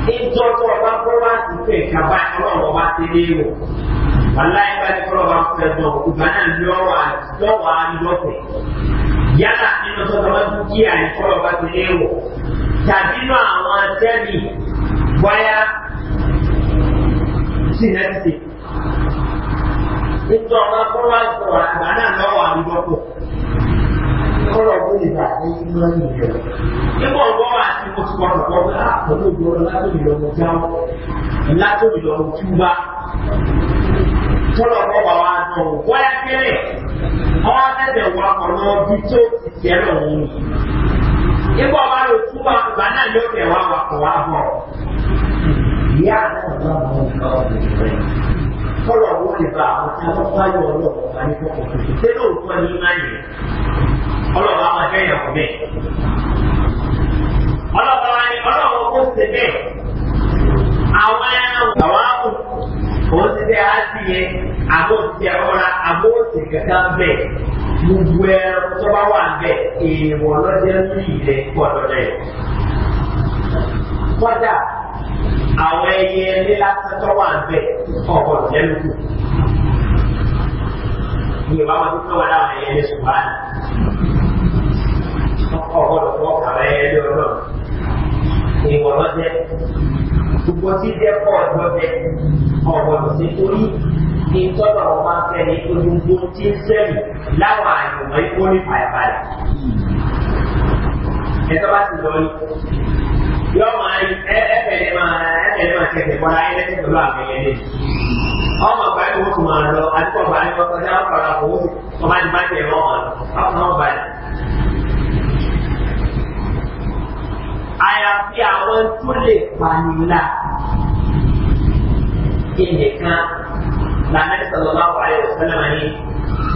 Níjọ́ tó ọba gbó wá ìpè kaba ọlọ́run ọba ti ní ìwọ̀. Wàláyé bá ní kọ́lọ́ bá fẹ́ dán, ìbádàn ní ọ̀rọ̀ yálà nínú tọ́tọ́ dúkìá ní kọ́lọ̀ bá ti léwọ̀ tàbí nínú àwọn atẹ́mì wáyà sinẹ́tì nítorí ọ̀gá kọ́lọ̀ sọ̀rọ̀ àgbà náà lọ́wọ́ àdúgbò kọ́lọ̀ bó lè bá ní ìmọ̀ nìyẹn. nígbà ọgbọ́n wa ti mo ti wọ́n lọ́wọ́ pé àpò ló gbọ́ látòlì lọ́mọ jáwọ́ látòlì lọ́mọ kólọ̀ kọ́ bá wa dùn wáyà kẹ́lẹ̀ wọ́n á tẹ̀sẹ̀ wá bí tó ti tẹ̀ lọ wọ́n. Ibú kú bá ìgbà náà ló tẹ̀ wá wà kọ̀ wá bọ̀. Ìyá àtàwọn àwọn ọ̀gá ọ̀gá ìgbẹ́. Kọ́lọ̀ wọ́n lè ba àwọn tí a bá yọ ọlọ́wọ́ bá ní kọ̀kọ̀ tó ṣe lóòótọ́ ní má yẹ. Ọlọ́wọ́ àwọn ẹgbẹ́ yẹn kọ̀ bẹ́ẹ̀. Ọlọ́wọ́ òun ti fẹ́ á sí yẹn àbó ti ọ̀la àbó ti kẹta bẹ̀ gbogbo ẹran tó bá wà bẹ̀ èèwọ̀ lọ́jọ́ ní ilẹ̀ gbọ́dọ̀ rẹ̀. kọ́dà àwọn ẹyẹ nílá tó wà bẹ̀ ọ̀pọ̀ lẹ́nu kù. Yorùbá wọn ti fẹ́ wọn láwọn ẹyẹ ní ṣùgbọ́n àná. ọ̀pọ̀ ọ̀pọ̀ lọ́pọ̀ àwọn ẹyẹ ní ọlọ́run ṣùgbọ́n tí jẹ́ kọ́ ọ̀gbọ́n tẹ ọ̀gbọ́n sí torí ní tọ́lọ̀ wọn máa fẹ́ ní ojúgbó tí ń sẹ́yìn láwọn àyùmọ̀ ikú ní fàyàbalẹ̀. ẹ̀tọ́ bá ti lọ yọ máa rí ẹ̀fẹ̀lẹ̀ máa ẹ̀fẹ̀lẹ̀ máa tẹ̀sẹ̀ bọ́lá ẹ̀lẹ́sẹ̀ pẹ̀lú àwọn ẹ̀yẹ́dẹ̀. ọmọ àgbáyé wọn tún máa lọ àdúgbò àgbáyé wọn kọjá ọ̀pọ̀lọpọ̀ owó ọmọ àdìbájẹ́ wọn wọn àyàfi àwọn tó lè pànìyàn ìnìkan lànà ìsọlọ́lá wàhálà ìsọlọ́lá ni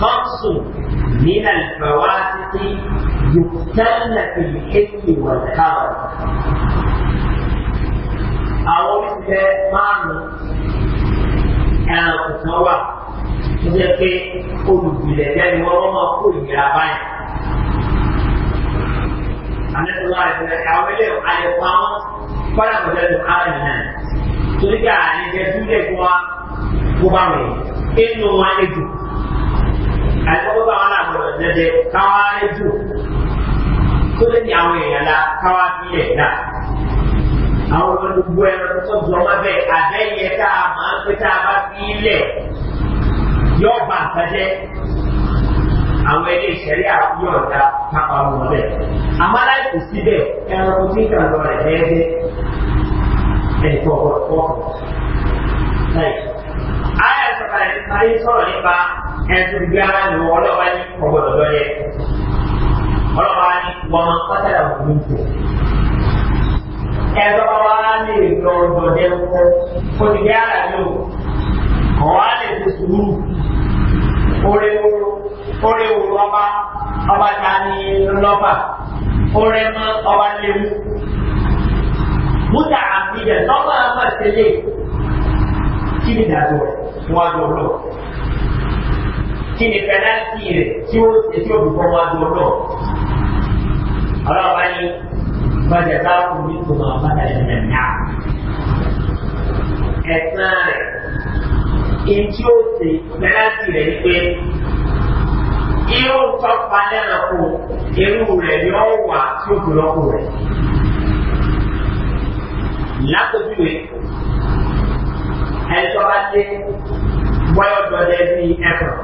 mọ́sù nínà ìfẹ̀wá títí yòókùtẹ́lẹ̀ ìhékì wọ̀lẹ́kàwọ̀. àwọn oríṣiríṣi márùn-ún ẹranko kan wà tó jẹ́ pé olùgbìlẹ̀ jẹ́ ni wọ́n máa kó ìnira báyìí. Anas Allah ya fara kawo ne a da kwamo fara mu da du'a'in nan to rika ne da dole kuma ko ba mai inno wa ne du ai ko ba wala mu da da kawa ne du ko da ni awon ya la kawa ni ne da àwọn ọmọ gbogbo ẹran tó jọ wọn bẹ àbẹ́yẹ tá a máa ń pé tá a bá fi ilẹ̀ yọ̀ọ̀bà àgbàjẹ́ àwọn ẹni ìṣẹ̀lẹ̀ àbúyọ̀ ọ̀dà kápá wọn bẹ́ẹ̀. àmọ́ aláìkú síbẹ̀ ẹranko tí ń kà lọ rẹ̀ lẹ́ẹ̀dẹ́ ẹ̀kọ́ ọ̀pọ̀ ayé sọ̀rọ̀ ẹ̀ ayé sọ̀rọ̀ nípa ẹ̀sùn gbé ara ní ọlọ́wà ní ọgbọ̀dọ̀ lọ́yẹ ọlọ́wà ní wọn pátálà òkú tó ẹ̀rọ wa lè lọ ọ̀dọ̀dẹ̀ ńkọ́ olùgbé ara orí òru ọba ọba ta ni lọ́ba orí mọ ọba léwu múta àbíjẹ lọ́ba ọba tẹ́lẹ̀ kí ni dàdó rẹ̀ wọ́n á dọ̀ lọ kí ni pẹ̀láńtì rẹ̀ tí ó ṣe tí ó bùkọ́ wọ́n á dọ̀ lọ ọlọ́ba ni bàjẹ́ bá kú ní kò máa bá náà ẹ̀sán rẹ̀ èyí tí rẹ̀ ni pé irú tọ́pa lẹ́nàkó irú rẹ̀ yọ wà tí ó gbọ́dọ̀ kó rẹ̀. Látọ̀júwe, ẹ̀tọ́ bá dé wáyọ̀ dọ̀dẹ bí ẹ̀fọ̀.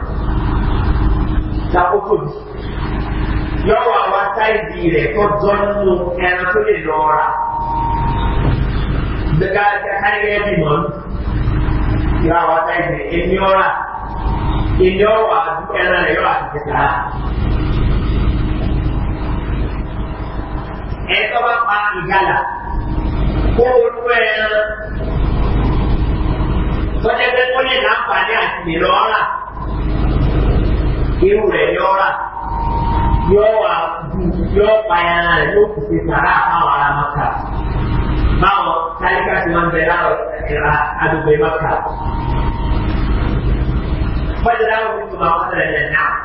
Sàkókò bì. Yọ̀wọ̀ àwọn sáìdì rẹ̀ tó jọ nínú ẹran tó lè lọ ra. Gbẹ̀gà káyọ̀ bí mọ̀ ní. Yọ̀wọ̀ àwọn sáìdì rẹ̀ èmi ọ̀ra ilé ọwọ àdúgbò ẹran rẹ yọ àti tẹsán. ẹtọ́ bá pa ìgalà kó olú ẹran tọ́jà pé kó lè láǹfààní àti ìlọ ọ̀rà irú rẹ̀ yọ ọ̀rà yọ wà yọ pa ẹran وجعله منكم أخذ من النعم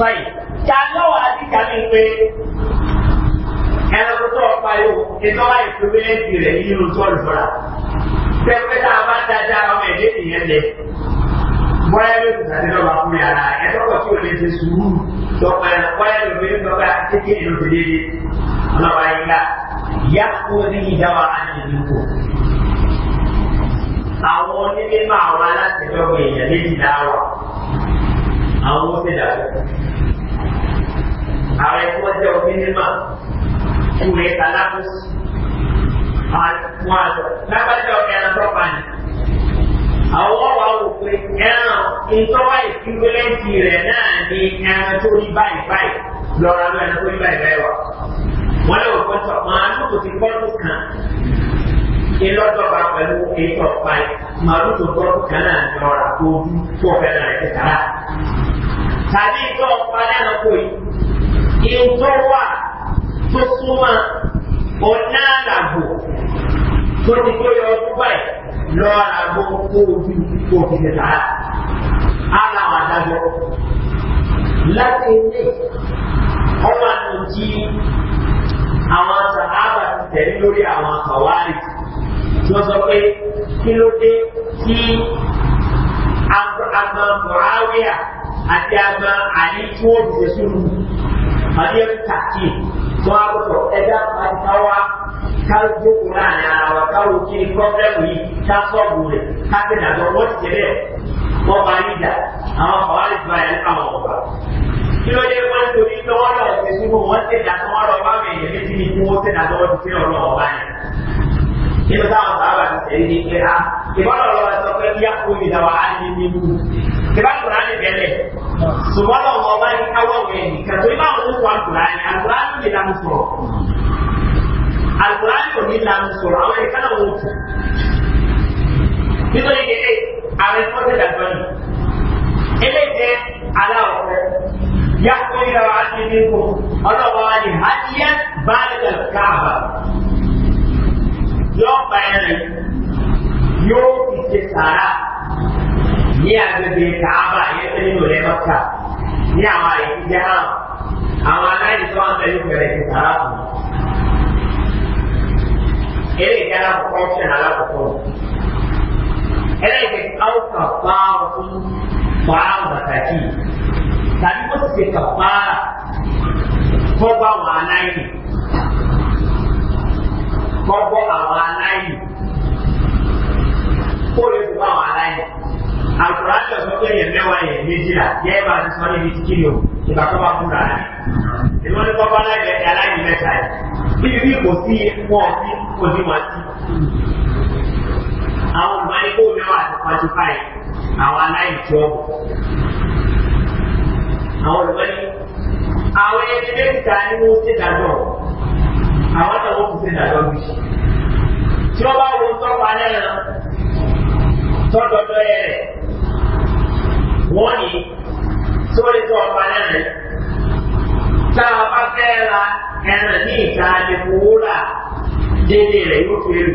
طيب كان لو أديك من ẹran tó tọ́ ọ̀pá yóò ètò wáyé tó bẹ́ẹ̀ntì rẹ̀ nínú tọ́lù fúnra pẹ́pẹ́ tá a bá dáadáa ọmọ ẹ̀dẹ́ nìyẹn lẹ bọ́yá ló ti sàdé lọ́ba fún yàrá ẹ̀dọ́kọ̀ tí o lè ṣe sùúrù tọ́pọ̀ ẹ̀rọ bọ́yá ló fi ń tọ́ka kékeré ló fi dédé ọlọ́ba yìí ká yá kó ní ìdáwà á ní ìlú kò àwọn onílé máa wá láti lọ́wọ́ èèyàn méjìlá wà àwọn ó sì dàgbà. Ààrẹ tí wọ́n jẹ́ onílé máa kúrẹ́ alákòóso. Àwọn àgbà lábàjọ́ ẹran tó pa ni. Àwọn ọ̀wá wò pé ẹran ìtọ́wá ìfúrẹ́lẹ́ǹtì rẹ̀ náà ni ẹran tó rí báyìí báyìí lọ́ra lọ́ra ẹran tó rí báyìí báyìí wà. Wọ́n lè wò pé sọ̀kan alùpùpù ti pọ́ọ̀lù kan ṣe lọ́dọ̀ba pẹ̀lú ètò ọ̀pá yìí màálù tó gbọ́ kan náà ní ọ̀rà tó ojú tó ọ̀fẹ́ náà rẹ̀ ti sàrà. tàbí ìtọ́ ọ̀pá náà lọ́kọ̀ yìí ìhun tó wà tó súnmọ́ ọ̀nà àgbò tó ti tó yọ ọdún báyìí lọ́ọ́ àgbò tó ojú tó fi ti sàrà. aláwọ̀ adájọ́ láti ilé ọmọ àti òjì àwọn sàhábà tẹ̀lé lórí àwọn àwárí wọ́n sọ pé kí ló dé tí agbọn buhariya àti agbọn àlí tí wọ́n ti sẹ́sùn mu àdéhùn tàkì wọ́n á sọ ẹ̀dá pàtàwà kájókòó láàrin ara wa káwọ́ kí ni pọ́blẹ́mù yìí ká sọ́ọ̀bù rẹ̀ ká tẹ̀lé àgbọn wọ́n ti tẹ̀lé wọ́n bá yí dà àwọn ọ̀hánì tó ayé àwọn ọ̀gá kí ló dé wọ́n torí pé wọ́n lọ sí sínú wọ́n ti dà tó wọ́n bá mi èyí nínú táwọn sábà ti tẹ̀lé ní pé a ìbára ọ̀rọ̀ sọ pé kí á kó mi dáwà á ní nínú ìbára kùnà ní bẹ̀rẹ̀ ṣùgbọ́n lọ́wọ́ ọba ní káwọ́ wẹ̀ nìkan tó ibà wọn kó àkùnà ní àkùnà ní lè lanu sọ̀rọ̀ àkùnà ní kò ní lanu sọ̀rọ̀ àwọn ẹ̀ka náà wọ́n tù nítorí kékeré àwọn ẹ̀kọ́ ti dàgbọ́ ni eléyìí jẹ́ aláwọ̀ yàtọ̀ ìdáwà á ní nínú ọlọ́wọ́ wa ní hadiyan bá yóò pa ẹran yóò fi ṣe sàárà ní agbègbè kàába yẹn tó nínú rẹ lọ́kà ní àwọn àyè jíjẹ hàn àwọn aláìní tó wọn tẹ̀lé bẹ̀rẹ̀ ṣe sàárà fún un. eléyìí kí alákọ̀ọ́kọ́ ṣẹlẹ̀ alákọ̀ọ́kọ́ eléyìí kí awùkà fáwọn fún fáwọn bàtàkì tàbí kó ti ṣe kàfáà fọ́ bá wọn aláìní kọ́kọ́ àwọn aláìní ó lè fún àwọn aláìní àkùrá ń tẹ̀sán pé èèyàn mẹ́wàá èèyàn méjìlá jẹ́ bá ti sọ níbi tí kí ni o ìgbà tó bá kúrò àná ìwọ ní kọ́kọ́ aláìní mẹ́ta yìí níbi bí kò sí wọn sí kò sí wọn sí àwọn ìmọ̀lẹ́kọ̀ mẹ́wàá àti pàṣípàì àwọn aláìní tí wọ́n bọ̀ àwọn ìmọ̀lẹ́kọ̀ àwọn ẹni mẹ́ta ni wọ́n ṣèdájọ́ àwọn náà wọ́n kò sí ìdájọ́ bí. tí wọ́n bá wo tọ́pa náà tọ́jọ́jọ́ yẹ rẹ̀ wọ́n ní sórí tọ́pa náà rẹ̀ tá a bá fẹ́ ra ẹran ní ìta àdìpọ̀ dédé rẹ̀ yóò fi rù.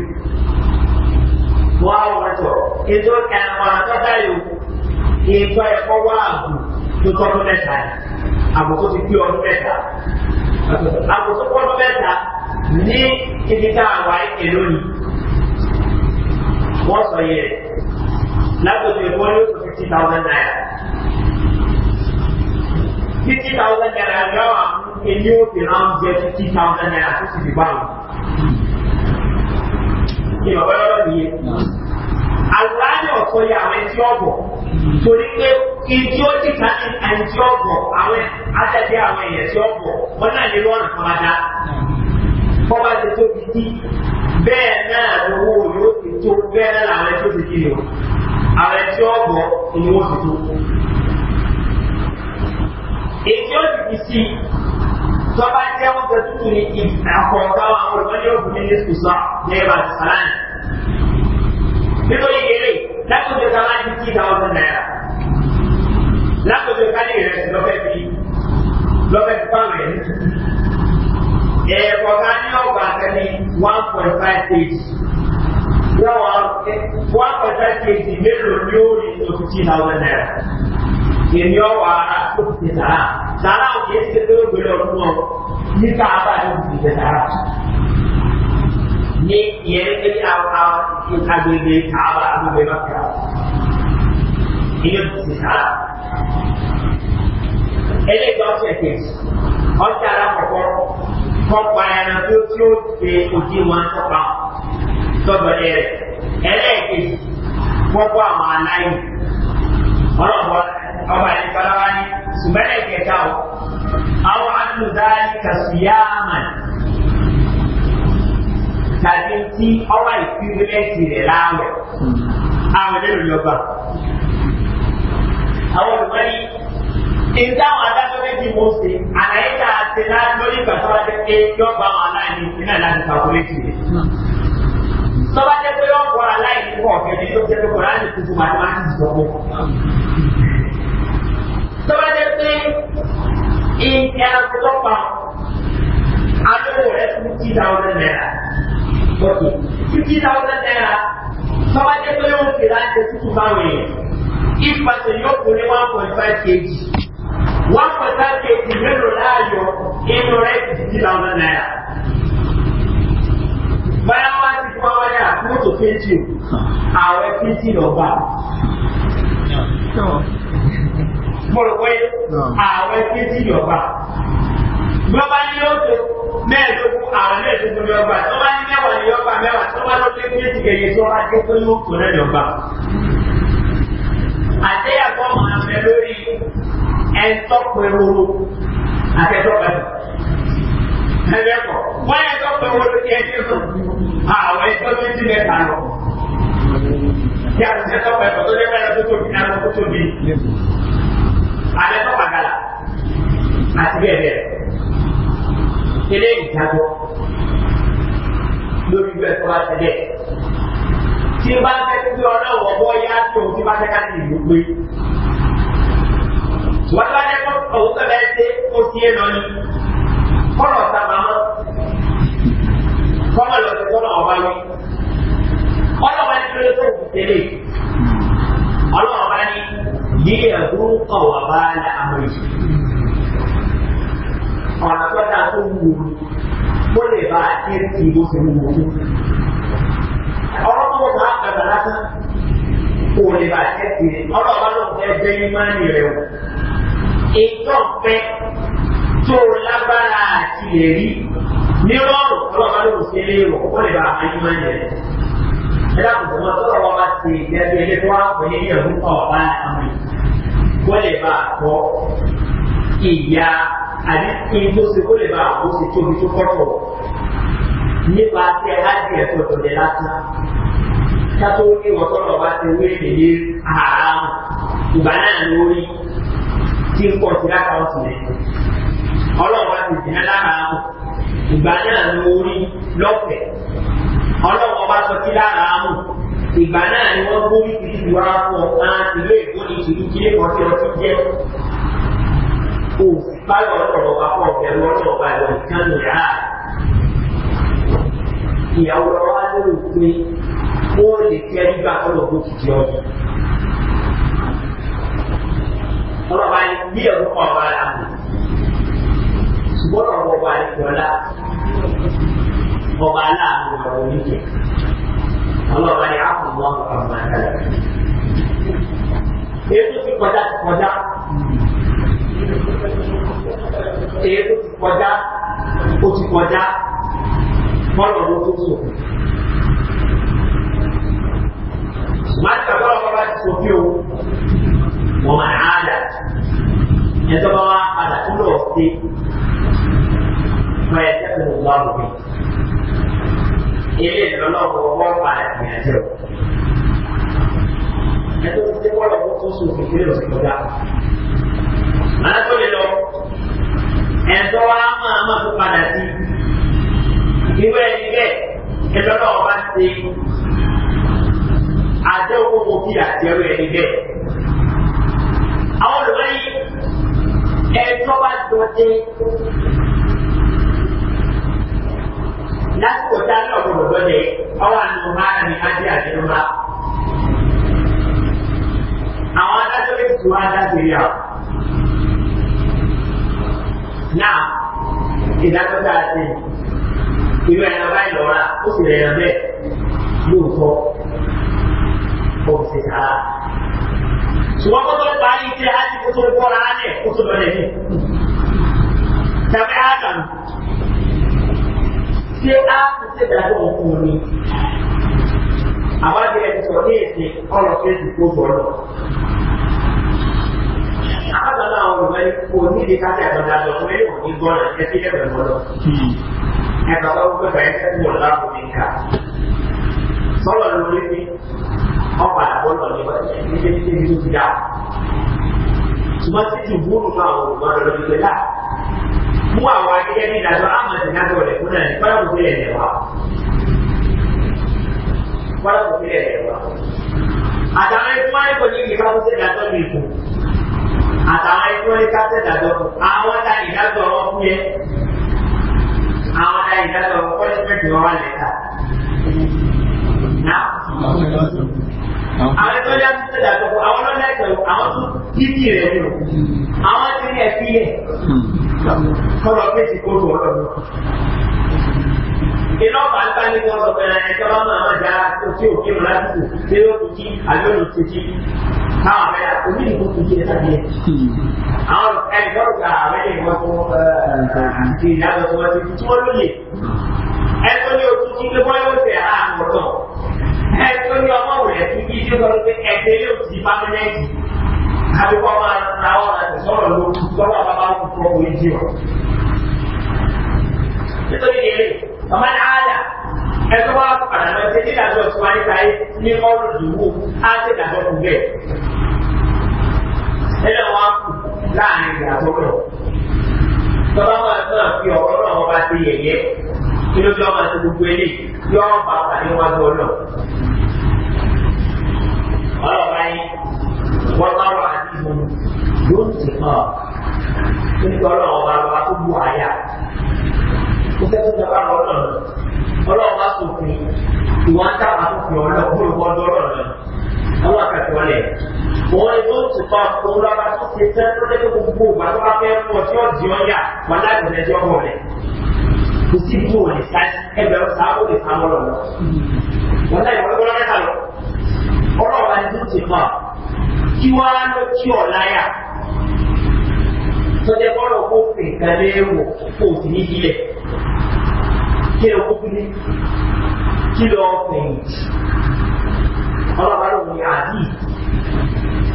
wọ́n á wọ́n tọ̀ ètò ẹ̀wọ̀n àtọ́tà yòókù ìgbà ẹ̀kọ́ wá àbù tó tọ́dún mẹ́ta àbùkù ti pé ọdún mẹ́ta àbùkù tó mẹ́ta ní ibi tá a wà èké lónìí wọ́n sọ yẹ látòkè wọ́n yóò sọ fifty thousand naira fifty thousand naira yóò àwọn èmi ò fi ràn jẹ fifty thousand naira tó ti fi bá wọn. ìmọ̀ bẹ́ẹ̀ lọ́wọ́ nìyẹn. àlùbáyé ọ̀sọ́ yẹ àwọn ẹtí ọ̀bọ̀ torí pé ìdí ó ti ká ẹtí ọ̀bọ̀ àwọn àtẹ̀dẹ́ àwọn ẹ̀yẹ̀ tí ọ̀bọ̀ wọn náà lè lọ́rùn kan máa dá bọ́lá ti tó fi sí bẹ́ẹ̀ náà owó yóò ti tó bẹ́ẹ̀ náà àwọn ẹtí ó ti kiri o àwọn ẹtí ọ̀gbọ̀ ni wọ́n ti tó. èyí ó ti fi sí tọ́ba jẹ́ oúnjẹ tuntun ní àkọ́kọ́ àwọn olùkọ́ni òkú ní ìsúsọ ní ẹ̀bà sàlánì. nítorí eré láti oúnjẹ sàlánì ti kí ìdáwọ́ sí náírà láti oúnjẹ sàlánì rẹ̀ lọ́fẹ̀ẹ́ fi lọ́fẹ̀ẹ́ fi fáwọn ẹ̀ ní tuntun ẹ̀ẹ̀kọ̀ọ̀kan ní ọgbà àtẹ́ni one point five kg wọ́n wá one point five kg mélòó ni ó rí oṣù tí náà wọ́n náírà èmi ọ̀wà ara tó ti ṣe sàrà sàrà òkè ṣe pé ó gbélé ọdún wọn ní káàbà ló kọ́pa ẹranko tí ó ṣe òjì wọn sọ́pa sọ́bẹ̀rẹ̀ rẹ̀ ẹlẹ́ẹ̀kejì kọ́pa àwọn aláìní ọlọ́pàá ọba ìfọláwa ní ṣùgbẹ́lẹ̀ kẹta o àwọn adúláyé kàṣíyáàmà tàbí tí ọba ìfìwélẹ́sì rẹ̀ láàwẹ̀ àwọn ẹlẹ́rìí ọba àwọn olùmọ́ni ìdáhùn adájọ́ méjì mo ṣe àlàyé tá a ṣe lórí ìgbà tó bá jẹ́ pé yọ bá wọn aláìní iná láti kàkúrẹ́tì rẹ̀. tó bá jẹ́ pé yọ bọ́ aláìní pọ̀ kẹ́ni tó jẹ́ pé kò láti tuntun mathematics lọ́wọ́. tó bá jẹ́ pé ẹranko tó pa alówó rẹ̀ fifty thousand naira. ok fifty thousand naira tó bá jẹ́ pé yóò fi láti tuntun báwọn yẹn. if person yóò kó ní one point five kg one percent ètò mélòó láàyò inú rẹ̀ ti di bí làwọn náírà. Báyọ̀ wá ti fún àwọn náírà fún ètò péjì ààrẹ péjì lọ́gbà. Mo rò pé ààrẹ péjì to Lọ́ba ní yóò tó mẹ́ẹ̀ẹ́dógún me. mẹ́ẹ̀ẹ́dógún ní ọgbà. Lọ́ba ní mẹ́wàá ní ọgbà mẹ́wàá tó wá lọ́pẹ́ péjì kẹ̀yẹ tó wá dé tó yóò kó náà lọ́gbà. Àdéyàgbọ́ máa ń bẹ lórí ẹ̀ńtọ́pẹ̀wòrò àtẹ̀tọ́pẹ̀wò ẹ̀ńtọ́pẹ̀wò wọ́n ẹ̀ńtọ́pẹ̀wò ló ti ẹ̀ńtẹ́ sọ àwọn ẹ̀ńtọ́ tó ti mẹ́ta lọ. Kí a ti ẹ̀ńtọ́pẹ̀wò tó dẹ́gbẹ́ ẹ̀rọ tó tóbi ẹ̀rọ tó tóbi. Àtẹ̀tọ́pàgàlà àti bẹ́ẹ̀ bẹ́ẹ̀ ilé ìdájọ́ lórí bẹ́ẹ̀ tó bá ti dẹ̀. Tí bá fẹ́ kí ọlọ́wọ́ bọ́ yá tó tí bá fẹ́ ká wàlúwà ní kó òun kẹlẹ ṣe kó tiẹ lọ ni kọlọ sàmàmà kọlọ lọ sí kọlọ ọba yìí kọlọ wà ní kílódé tó kù tẹlẹ ọlọrun ọba ní yíyẹ ẹgbẹrún kan wà bá dà àmọ yìí tó dáa tó wù kó lè bá a ti bó ṣe wù wù ọ̀rọ̀ tó wọ́n bá kó lè bá a tẹ́ ti ọlọ́ọ̀bá ló fẹ́ jẹ́ ìmánì rẹ̀ wò ètò ọ̀fẹ́ tó lágbára àti èrí ní rọrùn ọlọ́pàá ló ṣe lé wọ̀ ó lè bá àwọn ẹni máa ń yẹn. ẹ dákun tó wọn tọ́lọ̀ wọn bá ti ìgbẹ́bí ẹni tó wá pè ní ìyẹ̀wò kan ọ̀bá àmì kó lè bá àkọ́ ìyá àdínkù tó ṣe kó lè bá àkó ṣe tóbi tó kọ́tọ̀ nípa tí ẹ bá di ẹ̀tọ́ ìtọ́jẹ lásán. kátó ní wọ́n tọ́lọ̀ bá ti wé ìdílé àárá ìgbà náà lórí tí ń pọ̀ sí látàwọn sì lẹ̀. ọlọ́run bá ti jìnnà lára àwọn ìgbà náà ni orí lọ́fẹ̀ẹ́ ọlọ́run bá sọ sí lára àwọn ìgbà náà ni wọ́n gbórí ìdíjú wa fún ọ̀kan ìlú èkó ní ìṣèlú kílé kan tí ọtí jẹ́ kò báyọ̀ bá pọ̀ bẹ̀rù ọlọ́run bá yọ ìkan nìyà ìyàwó lọ́wọ́ á lérò pé ó lè tẹ́rí ọlọ́run bá ní bí ẹ̀rọ kan ọba la mọ̀ ṣùgbọ́n ọ̀rọ̀ ọba ìjọba ọba aláàbò ọ̀rọ̀ oníjẹ ọlọ́run bá ní àkùnmọ́ ọ̀rọ̀ àkàlẹ̀. ètò ti kọjá ti kọjá ètò ti kọjá ó ti kọjá mọ́nà ló tó sòkò. Máa ń tàbí ọlọ́run bá ti sòfin o, wọ́n máa ń ìyẹn tó bá wá padà tó lọ sí fún ẹ tẹ́tù ló wà lómi. Ilé ìrànlọ́wọ́ wọ́n padà gbìyànjú. Ẹ tó ti wọ́n lọ fún sùn kékeré lọ sí kọjá. Màá tó lè lọ. Ẹ̀tọ́ wa máa máa tó padà sí. Ìwé ẹni bẹ́ẹ̀ ẹ̀tọ́ náà wọ́n bá ti ṣe àjẹ́ owó mo fi àjẹrò ẹni bẹ́ẹ̀. ẹ̀tọ́ wa dọ̀jẹ́ lásìkò tá a ní ọ̀pọ̀ dọ̀jẹ́ ọwọ́ àlùkò máa rà ní ájí àjẹnúmá. Àwọn adájọ́ lè tún wá dájú yà. Náà ìdájọ́ tá a ti irú ẹ̀rọ báyìí lọ́ra ó sì rẹ̀ ẹ̀rọ bẹ́ẹ̀ lóòótọ́ ó sì sára wọ́n kó tó parí iṣẹ́ láti kó tó bọ́ra lẹ̀ kó tó lọlẹ̀ ní. Tàbí Ádámù, ṣé á kò ṣe dàgbọ́ ọkùnrin ni? Àwádìí ẹ̀ sọ ní èsì ọ̀rọ̀ fèsì kó bọ̀ lọ. Àbábọ̀ náà wọ̀ wọ́n kò ní ìdí káfí àgbàdo àjọ fún ẹ̀yìn òní gbọ́nà ẹ̀sí ẹ̀bẹ̀ mọ́ lọ. Ẹ̀bà bá wọ́n gbẹ̀bẹ̀ ẹ̀sẹ̀ mọ̀ láàbò ní ká. Sọ́lọ̀ lórí ni wọ́n padà bọ́ lọ ní ilé ilé ìlú ti dá. ṣùgbọ́n tí ti wúrù náà wò wọ́n lọ lórí pẹ̀lá. mú àwọn akẹ́kẹ́ ní ìdájọ́ àmọ̀tí náà wọlé fún náà nípa ìwé sílẹ̀ ẹ̀ wá. wọ́n kò sílẹ̀ ẹ̀ wá. àtàwọn ẹ̀fọn ẹ̀kọ́ ní ìgbà tó ṣe ìdájọ́ ní ìkù. àtàwọn ẹ̀fọn ẹ̀ká ṣe ìdájọ́ àwọn ta ìdájọ́ wọn fún yẹ. àwọn ta ìdájọ́ wọn kọ́ àwọn tó dá tó dà tó àwọn lọ́nà ẹ̀sẹ̀ àwọn tó kíkì rẹ̀ ni o àwọn ti ní ẹ̀fí yẹ kọ́lọ̀ pé ti kó tó lọ. iná ọ̀pá ń bá ní kọ́ lọ bẹ̀rẹ̀ ẹ̀jọ́ bá máa máa já òkè òkè mọ̀ lásìkò tí ó kù kí àlóòlù ti kí káwọn abẹ́rẹ́ omi ìlú kù kí ẹ̀ka bí ẹ̀. àwọn ẹ̀kọ́ ìgbà abẹ́rẹ́ ìwọ́n tó ti ìdájọ́ tó wọ́n ti tí wọ́n lóye ẹ̀kọ́ ní òkú kí ló wáyé ó ṣe lọ pé ẹgbẹ́ yóò ti pámẹ́nẹ́ẹ̀tì kábíkọ́ máa ra ọ̀rọ̀ àti sọ̀rọ̀ ló tọ́lọ̀ bàbá ń kọ́ orí jì ọ̀. nítorí ilé ọmọ ní àádà ẹgbẹ́ wa padà lọ sí dídàjọ́ tí wọ́n níta ní ọrùn ìdìbò á sì dàjọ́ kù bẹ́ẹ̀. ẹlẹ́ wọn kù láàrin ìdàjọ́ náà tọ́lá máa náà fi ọ̀rọ̀ náà wọ́n bá ti yẹ̀yẹ́ kí ló fi ọmọ àti gbogbo eléyìí yọ ọlọ́ọ̀bá yín wọ́n máa wà nínú yóò tì hàn nítorí ọlọ́ọ̀bá wa tó bu àyà ó fẹ́ tó dábàá lọ́dọ̀ náà ọlọ́ọ̀bá sòfin ìwà ń dábàá sòfin ọlọ́ọ̀bá olùkọ́ lọ́dọ̀ náà ọlọ́ àkàtúwọlẹ̀ wọ́n ní yóò tì hàn òun lọ́ba tó ṣe tẹ́ tó lẹ́yìn gbogbo ìgbà tó bá fẹ́ fún ọ tí ó di ọ yà wọn láti lẹ́jọ́ bọ̀ rẹ̀ kò sí bí òun lè sá ẹgbẹ̀rún sáà ó lè sá mọ́ lọ́wọ́ wọn náà ìwọ́n gbọ́dọ̀ mẹ́ta lọ ọ̀rọ̀ wa ní ti mọ̀ kí wá ló kí ọ̀ láyà tó jẹ́ bọ́lọ̀ kó fi nǹkan léèwọ̀ kó sì ní ilẹ̀ kí ló kó fi ní kí ló fẹ̀yìn ọlọ́ba ló ní àdí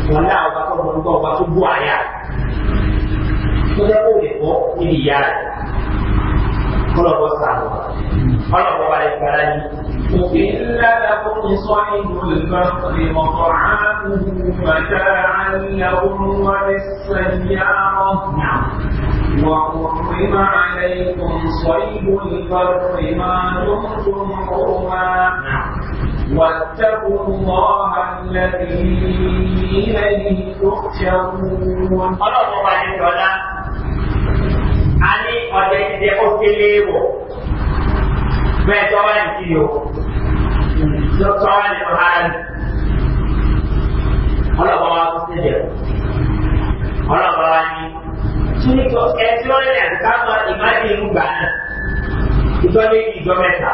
wọn náà ọba tó mọ̀ nípa ọba tó bú àyà tó jẹ́ kó lè bọ́ níbi ìyá rẹ̀. kọlọbọ sàlọ kọlọbọ wa ìfara yìí. òfin lára kó ní sọ́ọ̀nì olùkọ́ lè mọ̀kọ́ ààbùhù bàtà àlàwọ̀ wálé sàyàrọ̀ náà. وحرم عليكم صيد البر ما دمتم حرما واتقوا الله الذي إليه تحشرون. قال الله عليه وسلم a ní ọ̀dẹ jíjẹ ó ti léèwọ̀ bẹ́ẹ̀ tọ́wá ní kí ni o tọ́wá ní ọ̀hárá ni ọlọ́pàá wa kó sí ẹ̀jẹ̀ ọlọ́pàá wa ní túnítọ́ ẹtí wọ́n lẹ́yìn àti káàmọ́ ìmáàdì ìlú gbà náà ìjọ méjì ìjọ mẹ́ta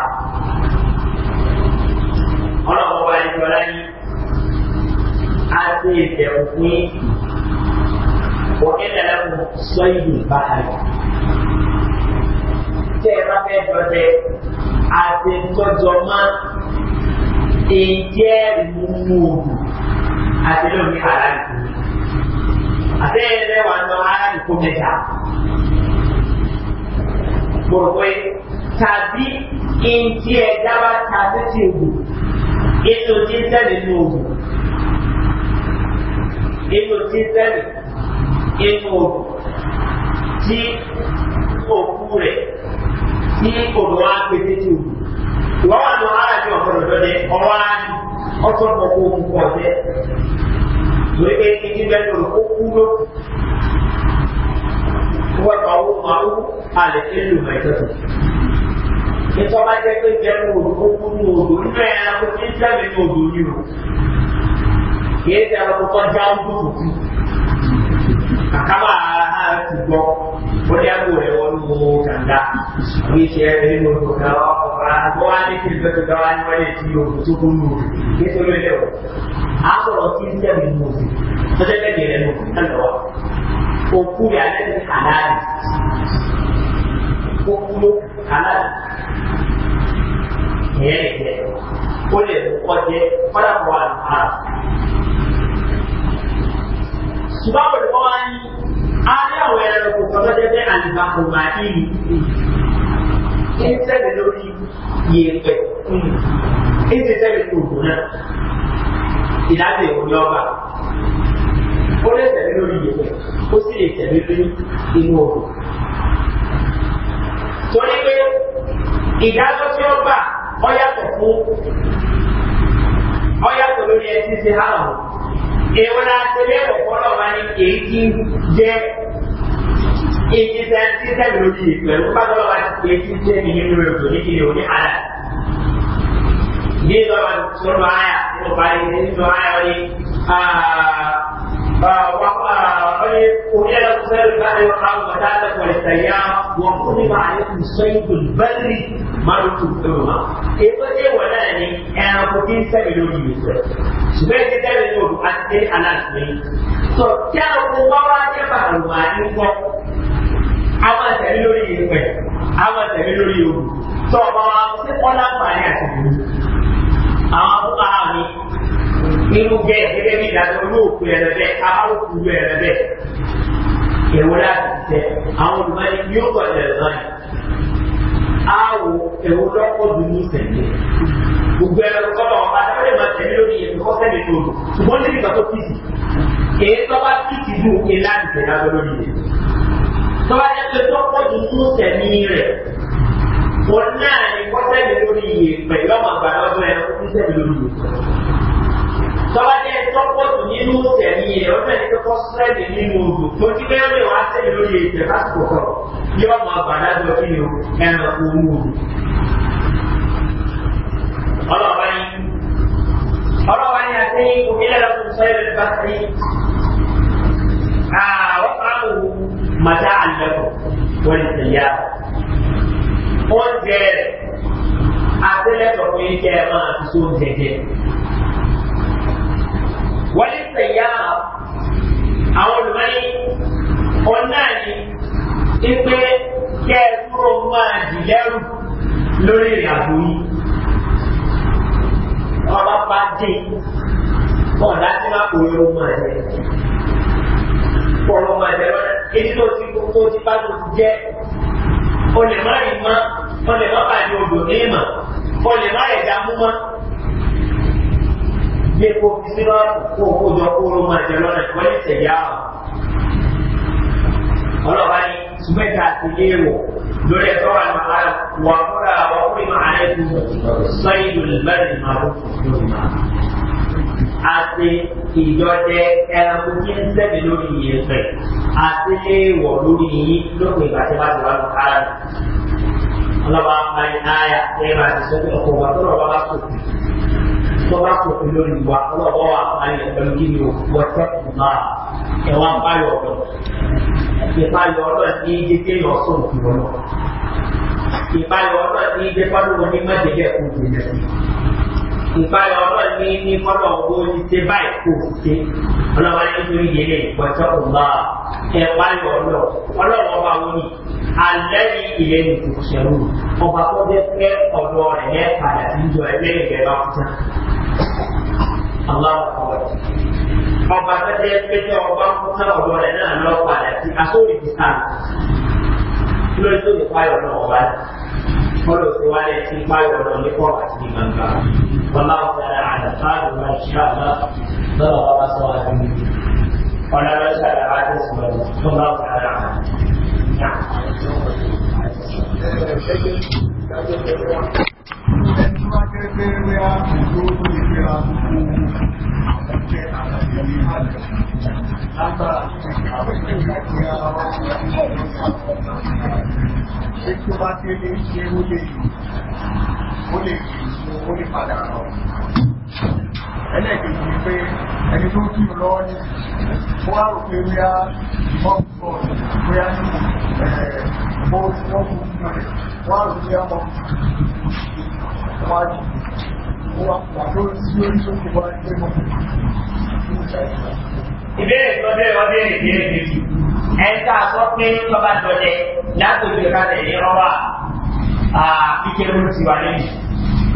ọlọ́pàá wa ní ìjọba ní àti ìjẹ̀kùn fún yín wọ́n kẹ́lẹ́ lẹ́kùn sọ́yìn báyìí tẹ́ ẹ bá fẹ́ dọdẹ àtẹnudọ́jọ́mọ́ ìjẹ́ ìmúmú òògùn àtẹnudọ́mí aláìkú àtẹ́yẹlẹ́ wà lọ aláìkú mẹ́ta gbogbo tàbí ìjì ẹ̀dá bá ta sétí òògùn ètò tí ń tẹ́lẹ̀ ní òògùn ètò tí ń tẹ́lẹ̀ ètò òògùn tí òkú rẹ̀ tí olùwà pété tó wọ́n wà lọ ara ní ọ̀pọ̀lọpọ̀ dọ́dẹ ọwọ́ á ní ọtọ́ ọkọ̀ ohun kọ̀ jẹ́ lórí pé kíkí bẹ́ẹ̀ lórí ó kú ló wọ́n pa owó máa wú alẹ́ tí ń lò máa tẹ̀sán. ìtọ́ba jẹ́ pé jẹ́nu odò kú ní odò nínú ẹ̀yà kó tí ń jẹ́mi ní odò yìí o kì í ṣe àwọn kókó já ń dùn kù kama hara ti gbɔ o de y'an wɛrɛ wɔlu wo ganga o ye cɛ yɛrɛ ni mɔgɔ kɔrɔ kɔrɔ ko wa ne ti bɛ to dɔrɔn a ni wale ti o to ko n'o ye to yɛrɛ dɛ o a sɔrɔ ti ti tɛ min n'o ye o tɛ bɛ gɛrɛ n'o ye alɔ o ku de ale ti ala de ko kulo ala de tiɲɛ de tɛ o de kɔjɛ fara bɔ a la ṣùgbọ́n pẹ̀lú wọn wá ní adé àwọn ẹranko kan tó jẹ́ bẹ́ẹ̀ àlùbá kò máa ń yìí kí n sẹ́lẹ̀ lórí yèèpẹ̀ kí n sì sẹ́lẹ̀ tòògùn náà ìdájọ́ ìwò ni ọba ó lè tẹ̀lé lórí yèèpẹ̀ ó sì lè tẹ̀lé lórí inú òògùn torí pé ìdájọ́ tí ó ọ yàtọ̀ fún ọ yàtọ̀ lórí ẹtí ti hàn án ìwọ́n àtẹlẹ́ ọ̀pọ̀lọ̀ wa ni èyí ti jẹ́ èyí tẹ́ títẹ́ lórí ìpẹ̀lú pátọ́lọ́ wa ti èyí ti jẹ́ nìyẹn lórí ọ̀dọ̀ ní kiri òní àdá. Bí ìjọba tó lọ àyà tí mo bá yẹ ní lọ àyà wọn ni wani ƙoƙi da kusa da ba a yi wa kawo ba ta da kwalita ya wa kuma ba a yi kusa yi bulbari márùkù tóró ma ètò tí wọ́n náà ní ẹranko tí ń sẹ́mi lórí mi sọ ṣùgbọ́n ètò sẹ́mi lórí àti ṣe aláàfin sọ tí àwọn ọmọ wa wá jẹ́ bàrù wà ní kọ́ àwọn àtẹ̀lé lórí yìí pẹ̀ àwọn àtẹ̀lé lórí yìí o sọ ọmọ wa ṣé wọ́n láǹfààní àti ìlú àwọn àbúkà mi nínú bẹ́ẹ̀ gẹ́gẹ́ bí ìdájọ́ olóòkú ẹ̀rẹ́ bẹ́ẹ̀ abáwòkú ẹ̀rẹ́ bẹ́ẹ̀ èwo láti tẹ àwọn olùmọ̀ ni yóò kọ̀ ẹ̀rẹ́ náà àwò ẹ̀rù lọ́pọ̀ dùn ní ìsẹ̀lẹ̀ gbogbo ẹ̀rù kọ́lọ̀ àtàkùnrin máa tẹ̀lé lórí ẹ̀rù kọ́ sẹ́lẹ̀ tó lò ṣùgbọ́n ní ìgbà tó kìsì èyí tó bá kìsì dùn òkè láti tẹ̀lé abẹ́ lórí rẹ̀ tó bá yẹ pé tó pọ̀ dùn fún sẹ̀mí rẹ̀ wọn náà ní kọ́ sẹ́lẹ̀ lórí ìyè pẹ̀lú ọmọ àgbàdo tọ́lájẹ́ tọ́pọ̀ tó nínú tẹ̀mí ẹ̀ ọdún ẹni tó kọ́ sẹ́ẹ̀dì nínú odò tó ti bẹ́ẹ̀ lè wá sẹ́yìn lórí ìtẹ̀ lásìkò kan yóò máa bàdá lọ kí ni o ẹnu owó odò. ọlọ́ọ̀bá yín ọlọ́ọ̀bá yín àti omi lẹ́la tó sọ bá sí àwọn fáwọn màdá àlẹ́kọ̀ wọ́n ti yá oúnjẹ àtẹ́lẹ́kọ̀ọ́ fún yín kẹ́ ẹ máa fi sóúnjẹ jẹ wọ́n lè sè ya àwọn olùmọ̀lẹ́ òun ni pé kẹ́ ẹ dúró máa dì lẹ́rù lórí ìrìn àjò yìí. wọ́n bá bá dé bọ́ọ̀ láti má kó yọ máa jẹ. Bọ́ọ̀lù máa jẹ lọ́nà èyí tó ti tó ti bá tó ti jẹ́. O lè rí mọ́, o lè bàjẹ́ odò ní ìmọ̀, o lè má ẹ̀dá mú gbé kó fi sínú àkókò kójọ kóró máa jẹ lọ́nà tí wọ́n lè tẹ̀lé àwọn. ọlọ́ba ní sùmẹ́ta ti lé wọ̀ lórí ẹ̀tọ́ wà ní ara wà fúnra wà fún ìmọ̀ ààrẹ tó sọ́yìn lùlùmẹ́rin máa ló fún lórí máa. àti ìjọdẹ ẹranko tí ń sẹ́mi lórí ìyẹn pẹ̀ àti lé wọ̀ lórí yìí lópin ìgbà tí wọ́n ti wà ní ara. ọlọ́ba máa ń ayà ẹ̀ máa ti sọ́kẹ́ ọkọ̀ wà tó rọ̀ wá sókè tọ́lá kò fi lórí wa ọlọ́wọ́ wa ayọ̀ pẹ̀lú kí ni wọ́tẹ́ ìgbà ẹ̀wà báyọ̀ ọ̀dọ̀ ìbáyọ̀ ọ̀dọ̀ ní ìdí kéèyàn ọ̀sọ̀ òkú wọn ìbáyọ̀ ọ̀dọ̀ ní ìdí pálọ̀ wọn ní májèlé ẹ̀kọ́ òkú ìpayọ̀ ọlọ́run ní ní kọ́lọ̀ owó ti ṣe báyìí kò ṣe ọlọ́run ní nítorí yẹlẹ ìpọ́jọ́ ọ̀la ẹ̀ wáyọ̀ ọlọ́ ọlọ́run ọba wo ni alẹ́ ní ilẹ̀ ní ìṣẹ̀rù ọba tó bẹ fẹ́ ọ̀dọ́ rẹ̀ yẹn padà sí ìjọ ẹgbẹ́ ìgbẹ́ bá kú tán. ọba tó bẹ fẹ́ ọba kú tán ọ̀dọ́ rẹ̀ náà lọ padà sí asóòrì ti sáà lórí tó ìpayọ̀ ọlọ́run ولو سوالي في ما يقولون لقوة في منك والله تعالى على خالد ما شاء الله ضرب الله سواء ولا ما شاء الله عاد والله تعالى على نعم Ètò bá tí lè ṣe ó lè ó lè ṣe ó lè padà rọ̀. Ẹlẹ́gbẹ̀ẹ́ ni pé ẹni tó kí o lọ́wọ́ ní ó wá rò pé ó yá ìmọ̀ púpọ̀ bóyá ní ẹ̀ẹ́ yamma wani wa wato sí orí tó kò bá gbé mọ́ ìbéèrè tó bẹ̀rẹ̀ wọ́n bẹ̀rẹ̀ ìbéèrè méjì ẹ̀ka àkọ́ pé tọ́ba dọ̀lẹ̀ látòjú kalẹ̀ ní rọ́bà kíkẹ́rù ti wà lẹ́yìn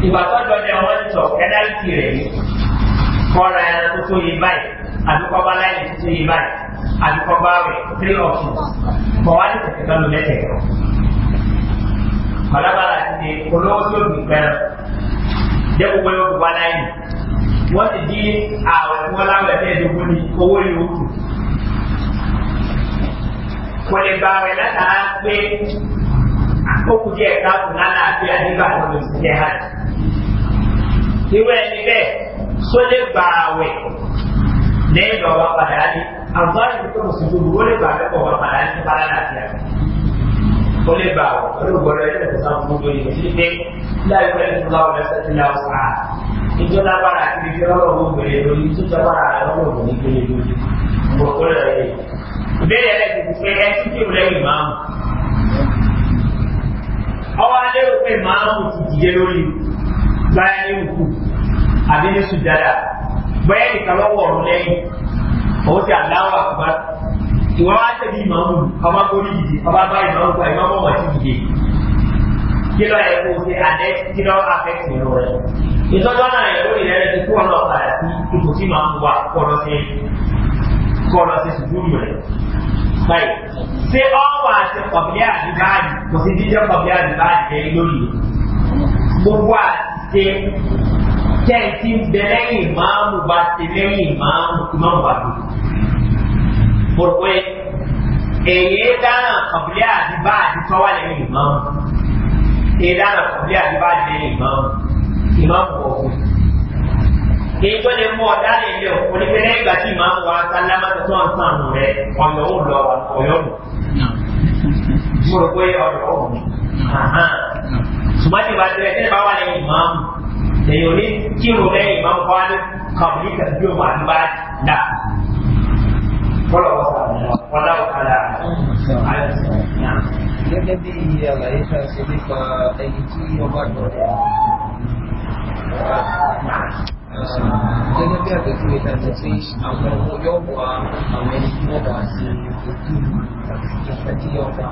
ìgbà tó dọ̀lẹ̀ wọ́n tọ̀ ẹ̀dáìtì rẹ̀ kọ́ra ẹ̀rọ tó tó yé báyìí àdúkọ́bá láyé tó tó yé báyìí àdúkọ́bá rẹ̀ three options kọ̀ wá ní kẹ̀kẹ́ lọ́nà mẹ́tẹ̀ẹ̀kọ́ ọ̀làbàrà ti olówó tí ó dùn fẹ́ràn jẹ́ gbogbo yóò fi wá láyé wọ́n ti di ààrẹ fún wọn láwọn ẹ̀fẹ́ ìdógún be, owó ní oṣù kò lè na rẹ̀ látara pé àkókò díẹ̀ káàkùn lánàá àti àdébà lọ́dọ̀ sí jẹ́ hàn irú ẹni bẹ́ẹ̀ só lè gba àwẹ̀ lẹ́yìn lọ́wọ́ a ní àwọn àdúgbò tó mọ̀ sí gbogbo ó lè gbà lẹ́kọ̀ọ́ padà ní padà láti àgbẹ̀ ó lè bá àwọn olùgbọ́dọ̀ yẹn lẹ́tọ̀ sáwọn fún lórí ìdí pé láì pẹ́ ní fúláwọ̀ lẹ́sẹ̀ tí láwọ̀ sá ìjọ lágbára àti ìjọ lọ́wọ́ gbèrè lórí tó jọ bára lọ́wọ́ òní gbèrè lórí gbogbo rẹ̀ yẹ. ìbéèrè rẹ̀ ti fi pé ẹ ti kí òun lẹ́yìn máa mú. ọwọ́ alẹ́ rò pé máa mú ti dìde lórí báyà ní òkú àbí ní sùdádà bẹ́ẹ̀ ìkàlọ́wọ̀ ọ̀run lẹ́yìn ìwà wá tẹ̀lé ìmọ̀ọ́mù ọba kórì dìde ọba bá ìmọ̀ọ́mù pa ìmọ̀ọ́mù wọ̀ sí dìde kí lọ yẹ kó ṣe àdẹ kí lọ afẹ́tì lọ a ìtọ́jú náà yẹ lórí rẹ ti kó ọ̀nà padà sí ipò tí màá mú wa kọ́ọ̀lọ́ sí kọ́ọ̀lọ́ sí sùdúrù rẹ báyìí ṣé ọ̀wà àti kọ̀bílẹ̀ àdìbáàdì kò sí jíjẹ́ kọ̀bílẹ̀ àdìbáàdì rẹ lórí gbogbo àti ṣe tẹ́ẹ̀tì bẹ lẹ́yìn máàmù bá ti lẹ́yìn máàmù ìmáàmù bá tó mo rò pé èyí dáná kọ̀bílẹ̀ àdìbá àdìtọ́ wà lẹ́yìn ìmọ̀ èyí dáná kọ̀bílẹ̀ àdìbá lẹ́yìn ìmọ̀ ìmọ̀ pọ̀ fún èyí tó lè mú ọ̀dá lè lé òkú ní pẹ́lẹ́ ìgbà tí ìmọ̀ wa sálámà tó tó ń sàn nù rẹ̀ ọ̀yọ́ ò lọ ọ̀yọ́ nù mo rò pé ọ̀yọ́ ò nù ṣùgbọ́n tí ìbá tẹ̀lé tẹ́lẹ̀ bá wà lẹ́yìn ìmọ̀ èyí ò ní kírun lẹ́yìn ìmọ̀ kọ́ fọlọ́ gẹ́gẹ́ bí àlàyé tá ṣe nípa ẹni tí ọba dọ̀rẹ́ gẹ́gẹ́ bí àpèjúwe tá a ṣe àwọn ọmọ yóò wá àwọn ẹni tí wọ́n bá ṣe ojú ìfẹ́tí ọba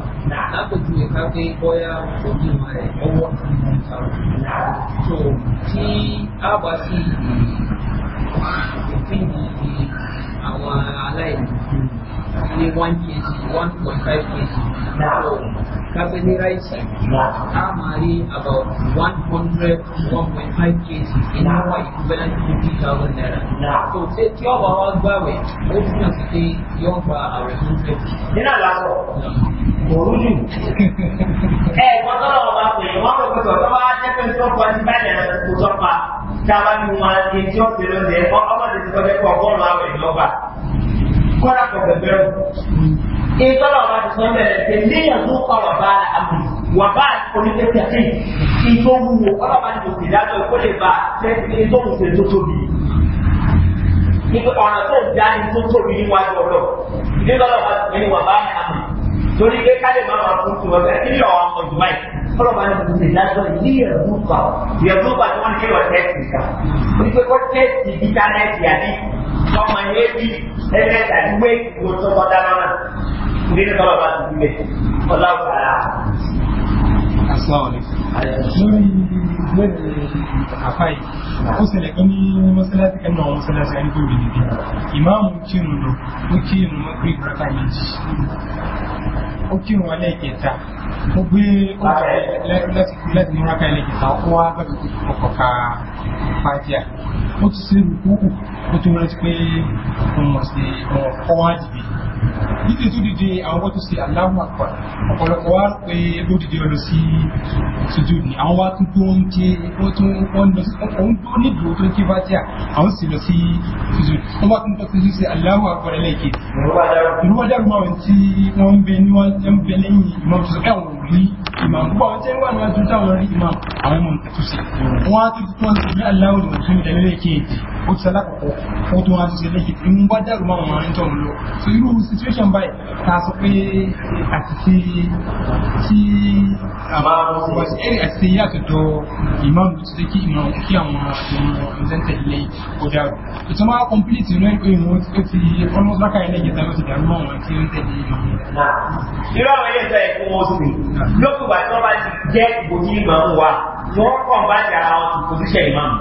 lápèjúwe ká pé bóyá ojú rẹ̀ ọwọ́ ìpín àwọn aláìní ní one kg one point five kg so kápẹ́ ní ráìsì a máa about one hundred one point five kg in our equivalent fifty thousand naira so ṣé tí ọba wa gbàwẹ̀ ó túmọ̀ sí pé yóò gba àwẹ̀ tó ń fẹ́. nínú àlàsọ òru jù ẹ gbọ́dọ̀ ọba pé wọ́n rò pé tọ́tọ́ wa jẹ́ pé tó ń pa ní báyìí ẹ̀ kó tọ́ pa tába ní wọn etí ọ̀sẹ̀ lọ́sẹ̀ ẹ̀kọ́ ọmọdé ti sọ pé bọ́ọ̀lù àwẹ̀ lọ́gbà kọ́lá kọ̀ bẹ̀bẹ̀ rù. ìtọ́lọ̀ wa ti sọ bẹ̀rẹ̀ pé léèyàn tó kọ̀rọ̀ bá a àmì wà bá a oníkẹ́kẹ́ sí ìtò wúwo kọ́lá bá ti òkè dájọ́ kó lè bá a tẹ́sí ìtò òkè tó tóbi. ìtò ọ̀nà tó dá ní tó tóbi níwájú ọ̀dọ̀ ìdílọ́lọ́ wa ti sọ torí pé káde máa wà fún tiwọn bẹ́ẹ̀ nílò àwọn ọmọ ìjọba yìí fọlọ́ bá ní kò tẹ̀ dájọ́ ní ẹ̀rú pa ẹ̀rú pa tí wọ́n ń kéwọ̀ tẹ́sì ká torí pé kó tẹ́sì íńtánẹ́ẹ̀tì àbí ọmọ yẹn bí ẹgbẹ́ tàbí wé ìwọ tó kọ́ dáná náà ní ní fọlọ́ bá ti dúlé ọlá òkàrà. lórí mẹ́rin àfáì ó ṣẹlẹ̀ ó kírun wọn lẹ́ẹ̀kẹta ó gbé láti múra ká ẹlẹ́kẹta ó wá bẹ̀rẹ̀ kó kọ̀kọ̀ ká pàtíà ó ti ṣe rúkú ó tó rántí pé òun ọ̀sẹ̀ ọ̀wá dìbì níbi tó dìde àwọn tó ṣe aláwọ̀ àpá ọ̀pọ̀lọpọ̀ wá pé ló dìde ọ̀rọ̀ sí ṣojú ni àwọn wá tún tó ń ké wọ́n tó ń tó nídùú tó ń ké bá jà àwọn sì lọ sí ṣojú wọ́n wá tún tọ́sí ṣe aláwọ̀ àpá ẹlẹ́ẹ̀kẹ́ ìrúwájà rúmọ̀ tí wọ́n ń bẹ lẹ́yìn ìmọ̀ rí ìmọ̀ púpọ̀ wọ́n tẹ́ wà ní wájú táwọn rí ìmọ̀ àwọn ọmọ tó sì wọ́n á tó tó wọ́n sí aláwọ̀ tó ní ẹlẹ́lẹ́ kéèkì ó ti alákọ̀ọ́kọ́ ó tó wọ́n á tó sí ẹlẹ́kì tí wọ́n bá dẹ̀rù máa wọn ń tọ̀run lọ so irú situation báyìí ta sọ pé àti ti ti àti ti yà tọ̀tọ̀ ìmọ̀ ló ti kí ìmọ̀ kí àwọn ìmọ̀ ọjà ìtọ́ máa complete inú ẹgbẹ́ ìmọ̀ ó ti almost lákàá ẹlẹ́gẹ̀ta ló ti dàrú máa wọn tí ó ń tẹ̀lé ìmọ̀ lókè wà tí wọ́n bá ti jẹ́ ìbòjì ìmọ̀ọ́mù wa wọ́n kọ̀ ń bá ti ara wọn tún pòsíṣẹ̀ ìmọ̀ọ́mù.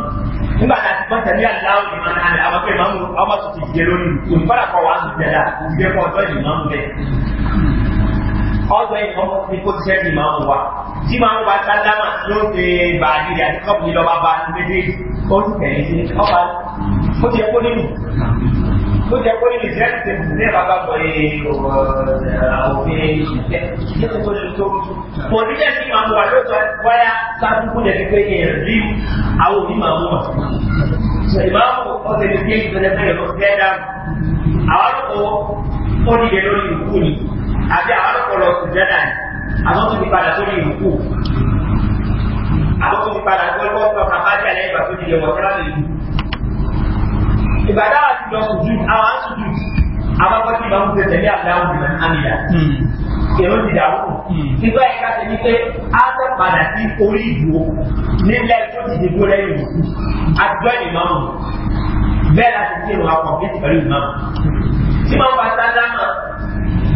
nígbà tá a ti gbọ́n tẹ̀lé aláwọ̀ ìmọ̀ náà ni àwọn ìmọ̀ọ́mù ọmọ tó ti dìde lórí olùkọ́lá kọ̀ wá sí ìjẹ́dá òdìdẹ́ kọ́ ọjọ́ ìmọ̀ọ́mù bẹ́ẹ̀. ọjọ́ ìmọ̀ọ́mù ni pòsíṣẹ̀ ìmọ̀ọ́mù wa tí wa sálámà ló ṣe bàálì rẹ̀ àti kọ́ọ̀bù ti tẹ̀lé sí ọba ó ti yẹ ló jẹ́ pé ìṣẹ́ ti ní bàbá pọ̀ òfin ìṣẹ́ ní kókó ní tó kò ní jẹ́ kí màmú wa lóòótọ́ wáyà sáàdúgbò jẹ́ pé èèyàn rí àwọn òní màmú wa. ìbáwọ̀ ọ̀sẹ̀ ní kí ìṣẹ̀lẹ̀ fẹ́rẹ̀ lọ sí ẹ̀dá àwọn ọkọ̀ ó dìde lórí ìkú ni àbí àwọn ọkọ̀ lọ sí jẹ́dà ni àwọn tó ti padà sórí ìkú àwọn tó ti padà gbọ́dọ̀ ìbàdà àti lọ sùdù àwọn sùdù àbábọ́ tí ìbámu tẹ̀ tẹ̀lé àdáhùn ní àmìlà èrò ti dàrú nígbà hmm. yẹn ká ṣe ní pé á tẹ̀ padà sí orí ìdúró nílẹ̀ tó ti dìbò lẹ́yìn òkú àtijọ́ ìmáàmù bẹ́ẹ̀ láti kí ìrora kọ̀ọ̀kẹ́tì pẹ̀lú ìmáàmù tí wọ́n bá sáńdá náà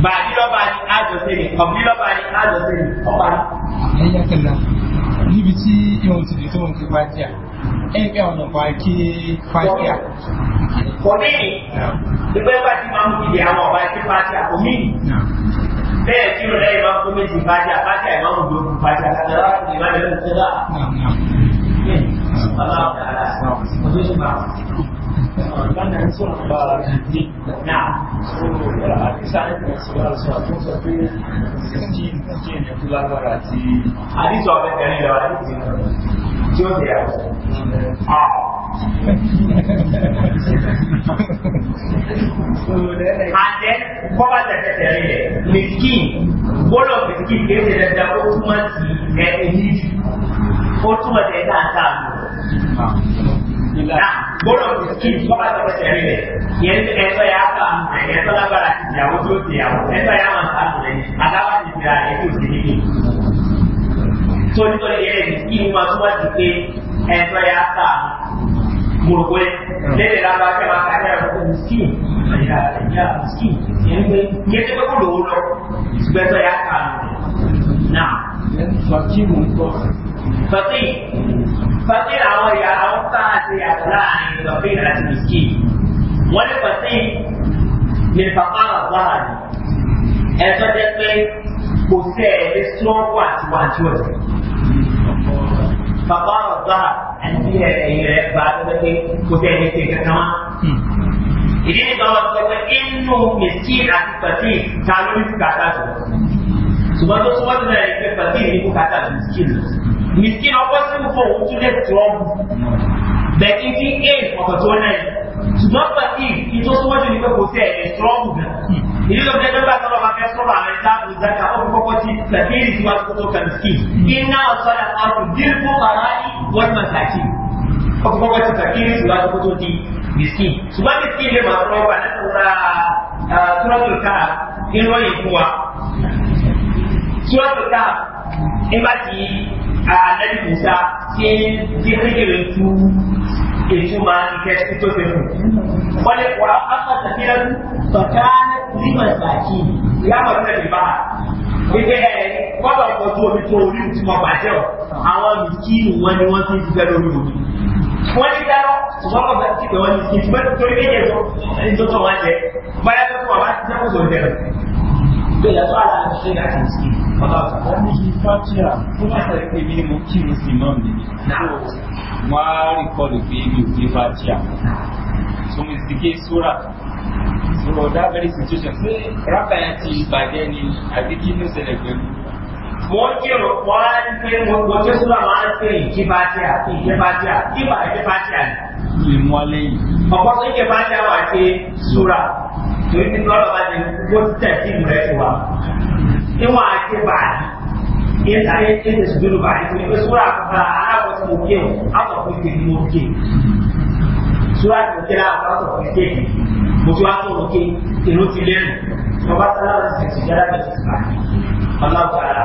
bàbí lọ́ba ni àjọṣe ni kọ̀bí lọ́ba ni àjọṣe ni ọ̀pá. ẹ̀yà kẹlẹ́ níbi tí ìwọ̀n ti dì tó ń fi wá díà ẹgbẹ́ ọ̀nà pàkí fàtíà. Kòmíì, gbígbẹ́ bá ti máa ń kìdí àwọn ọ̀bá sí fàtíà kòmíì. Bẹ́ẹ̀ tí ó lẹ́yìn máa ń kó méjì fàtíà, fàtíà ìmọ̀ ń gbogbo fàtíà, kàtàrà kò lè má lè lọ́wọ́ sẹ́dá. Ọ̀gbọ́n ń sọ̀rọ̀ bá ara rẹ̀ ní náà. Àdìsá ń sọ̀rọ̀ sọ̀rọ̀ tó sọ pé kí ènìyàn tó lágbára lọ, tí ó ah. tẹ̀ ọ́. Àjẹ́ bọ́bá tẹ̀tẹ̀tẹ̀ rẹ̀ mìsíkìn gbọ́dọ̀ mìsíkìn kéde dandan ó túmọ̀ sí ẹ̀ ẹ̀yìn jù ó túmọ̀ sí ẹ̀ náà sáà lò gbọ́dọ̀ kí bọ́lá tó ṣe rí rẹ̀ yẹn ẹ̀tọ́ yà á bá àmì rẹ̀ ẹ̀tọ́ lágbára ìyàwó tó ti yàwó torí tó lè yẹn kí ni máa túbọ̀ ti pé ẹ̀tọ́ yà sá gbogbo ẹ̀ lẹ́yìn lábá tẹ́ máa kájá rẹ̀ fún miskin àyà àyà miskin yẹn pé yẹn tó pé kó lòó lọ gbẹ́tọ̀ yà sá náà. fàkìrù ń tọ́. fàkì fàkì àwọn ìyá àwọn sáà ti yàtọ̀ láàrin fàkì àti miskin wọ́n ní fàkì ní fàkàrà wáhà ẹ̀tọ́ jẹ́ pé kò sẹ́ strong sọ́ọ̀kù àti wájú ẹ̀. Bàbá ọ̀gá ẹni ẹ̀yìn rẹ̀ bá a lọ́wọ́ pé kò sẹ́ ẹ̀rí sẹ́yìn kankan wá. Ìdí nìkan wọn sọ pé inú mèjì àti pàtí ta ló ní bùkátà jù. Ṣùgbọ́n tó tún wọ́n ti náà ẹgbẹ́ pàtí ní bùkátà jù mìsíkìn. Mìsíkìn ọkọ sí fún òun tún lè tọ́ọ̀bù. Bẹ̀kí tí éè ọ̀tọ̀ tó náà ṣùgbọ́n pàtí ìtòsíwájú ni pé kò sí ẹ̀rí tọ́ọ̀bù Ìdí tó bá sọ́dọ̀ máa fẹ́ كثير والقوت المسكين إنما الصدقات للفقراء والمساكين kuma wata fakiri su ba ta fito ti miskin su ba miskin ne masu roba na tsura suratul ka in wani kuwa suratul ka in ba ti a nabi musa sai ki hijirin ìtumọ̀ ìkẹ́sí tó fẹ́ fún. wọ́n lè wà á kà tàfíà bàtà lima ìbàkì lábàá náà lè bá a. wípé ẹ gbọ́dọ̀ pọ̀jù omi tó orí ìtumọ̀ bàjẹ́ o àwọn mìkínù wọn ni wọ́n ti dúpẹ́ lórí omi. wọ́n ti dá ṣùgbọ́n kò bá ti pè wọ́n ní ìtumọ̀ torí kéde tó tó tọ̀ wọ́n jẹ báyà tó tọ̀ wọ́n bá ti dẹ́kun bẹ́ẹ̀ yàtọ̀ ara ń ṣe láti sí ọ̀la ọ̀sán. wọ́n ní kí fátíà tó bá sọ pé mi ni mo kí mo sì mọ́ mi ni. wọ́n á rí kọlù pé mi ò gbé fátíà. so mi sì gé sóra sọ̀rọ̀ dábẹ́rẹ́ situation ṣé rákàyà ti bàjẹ́ ni àbí kí ló ṣẹlẹ̀ pẹ̀lú wọ́n kírun wọ́n á ń pè wọ́n tí sùlá máa ń pè kí bá tí a kí ìjẹ́ bá tí a kí bá ìjẹ́ bá tí a ní. lè mú alẹ́ yìí. ọ̀pọ̀ tó ìjẹ́ bá tí a wà ṣe sùrà torí ti lọ́dọ̀ mutuwa ta kira a farko ko ke mutuwa ko ke inu tilen ko ba ta da sai jira da Allah ta'ala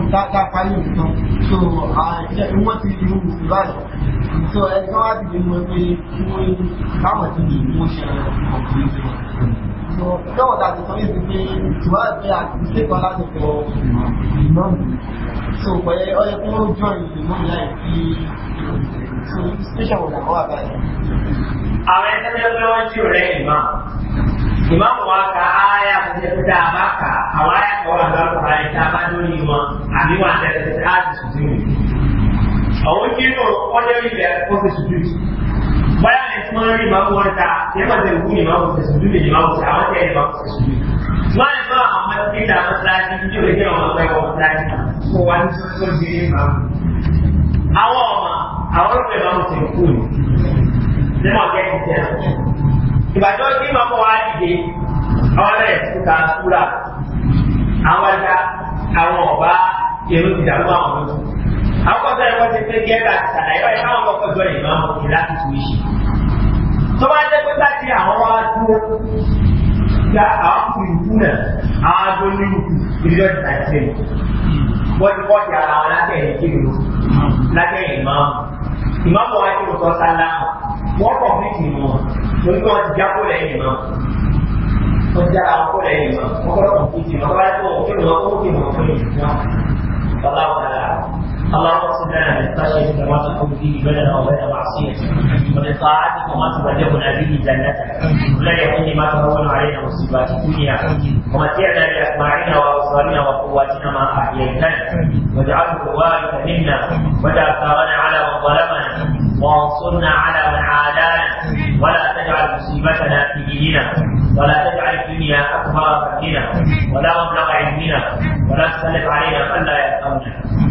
dáadáa parí nǹkan so àìsẹ́ wọ́n ti di ohun sí báyìí so as wá ti di ohun pé wọ́n káwọn ti di ìwọ́n ṣe ọ̀gbìn sí wọn. so lọ́wọ́ ta ti sọ yìí pé ìwádìí àti ìṣèkọ́ láti fọ ìmọ̀ mi so pẹ̀lú ọyẹ kó ó jọ ìgbìmọ̀ mi láì fi so special wọ̀dà wà báyìí. àwọn ẹgbẹ́ tó lọ́wọ́ tí ò rẹ̀ ìmọ̀ Imam wa ka aya ko je ta awaya ko wa ga ko aya ta ba do ni mo ami wa ta ta ta su ju awon ki ko ko je ri be ko kuma ri ma ko ya ma da ku ni ma ko se su ju ni ma ko ta wa ta ya ma ko se su ju ma ne ba amma ki da masallaci ki je ki ma ba ko masallaci ko wani so ji ma awon ma awon ko ma ko se ku ni ne ma ke ìgbàjọ́ tí màá bọ̀ wá dìde àwọn náà ti ta súra àwọn ẹja àwọn ọba èrò ti dàrú àwọn ọmọ àwọn kọ́sọ́ ẹ̀kọ́ ti pé kí ẹ̀ka ṣàlàyé báyìí káwọn kọ́kọ́ jọ ìmọ̀ àwọn òkè láti tu iṣẹ́ tó bá jẹ́ pé láti àwọn wá dúró gba àwọn kùnkùn náà àwọn adó nínú ìdílé ti tàìsí wọ́n ti kọ́ ara wọn látẹ̀yìn kí ìmáàmù wa ti wòtọ́ sálá wọ́n kọ̀ fún ìtìmọ̀ lórí wọn ti já kó lẹ́yìn mọ́ wọ́n ti jára kó lẹ́yìn mọ́ wọ́n kọ́ lọ́kùn fún ìtìmọ̀ wọ́n bá tó òkè mọ́ òkè mọ́ fún ìtìmọ̀ ọlá ọ̀dà اللهم اقسم لنا من خشيتك ما تكون فيه بيننا وبين معصيتك ومن طاعتك ما تبلغنا به جنتك ولا يكن ما تهون علينا مصيبات الدنيا ومتعنا باسماعنا وابصارنا وقواتنا ما احييتنا واجعله الوارث منا واجعل ثارنا على من ظلمنا وانصرنا على من عادانا ولا تجعل مصيبتنا في ديننا ولا تجعل الدنيا اكبر همنا ولا مبلغ علمنا ولا تسلط علينا من لا يفهمنا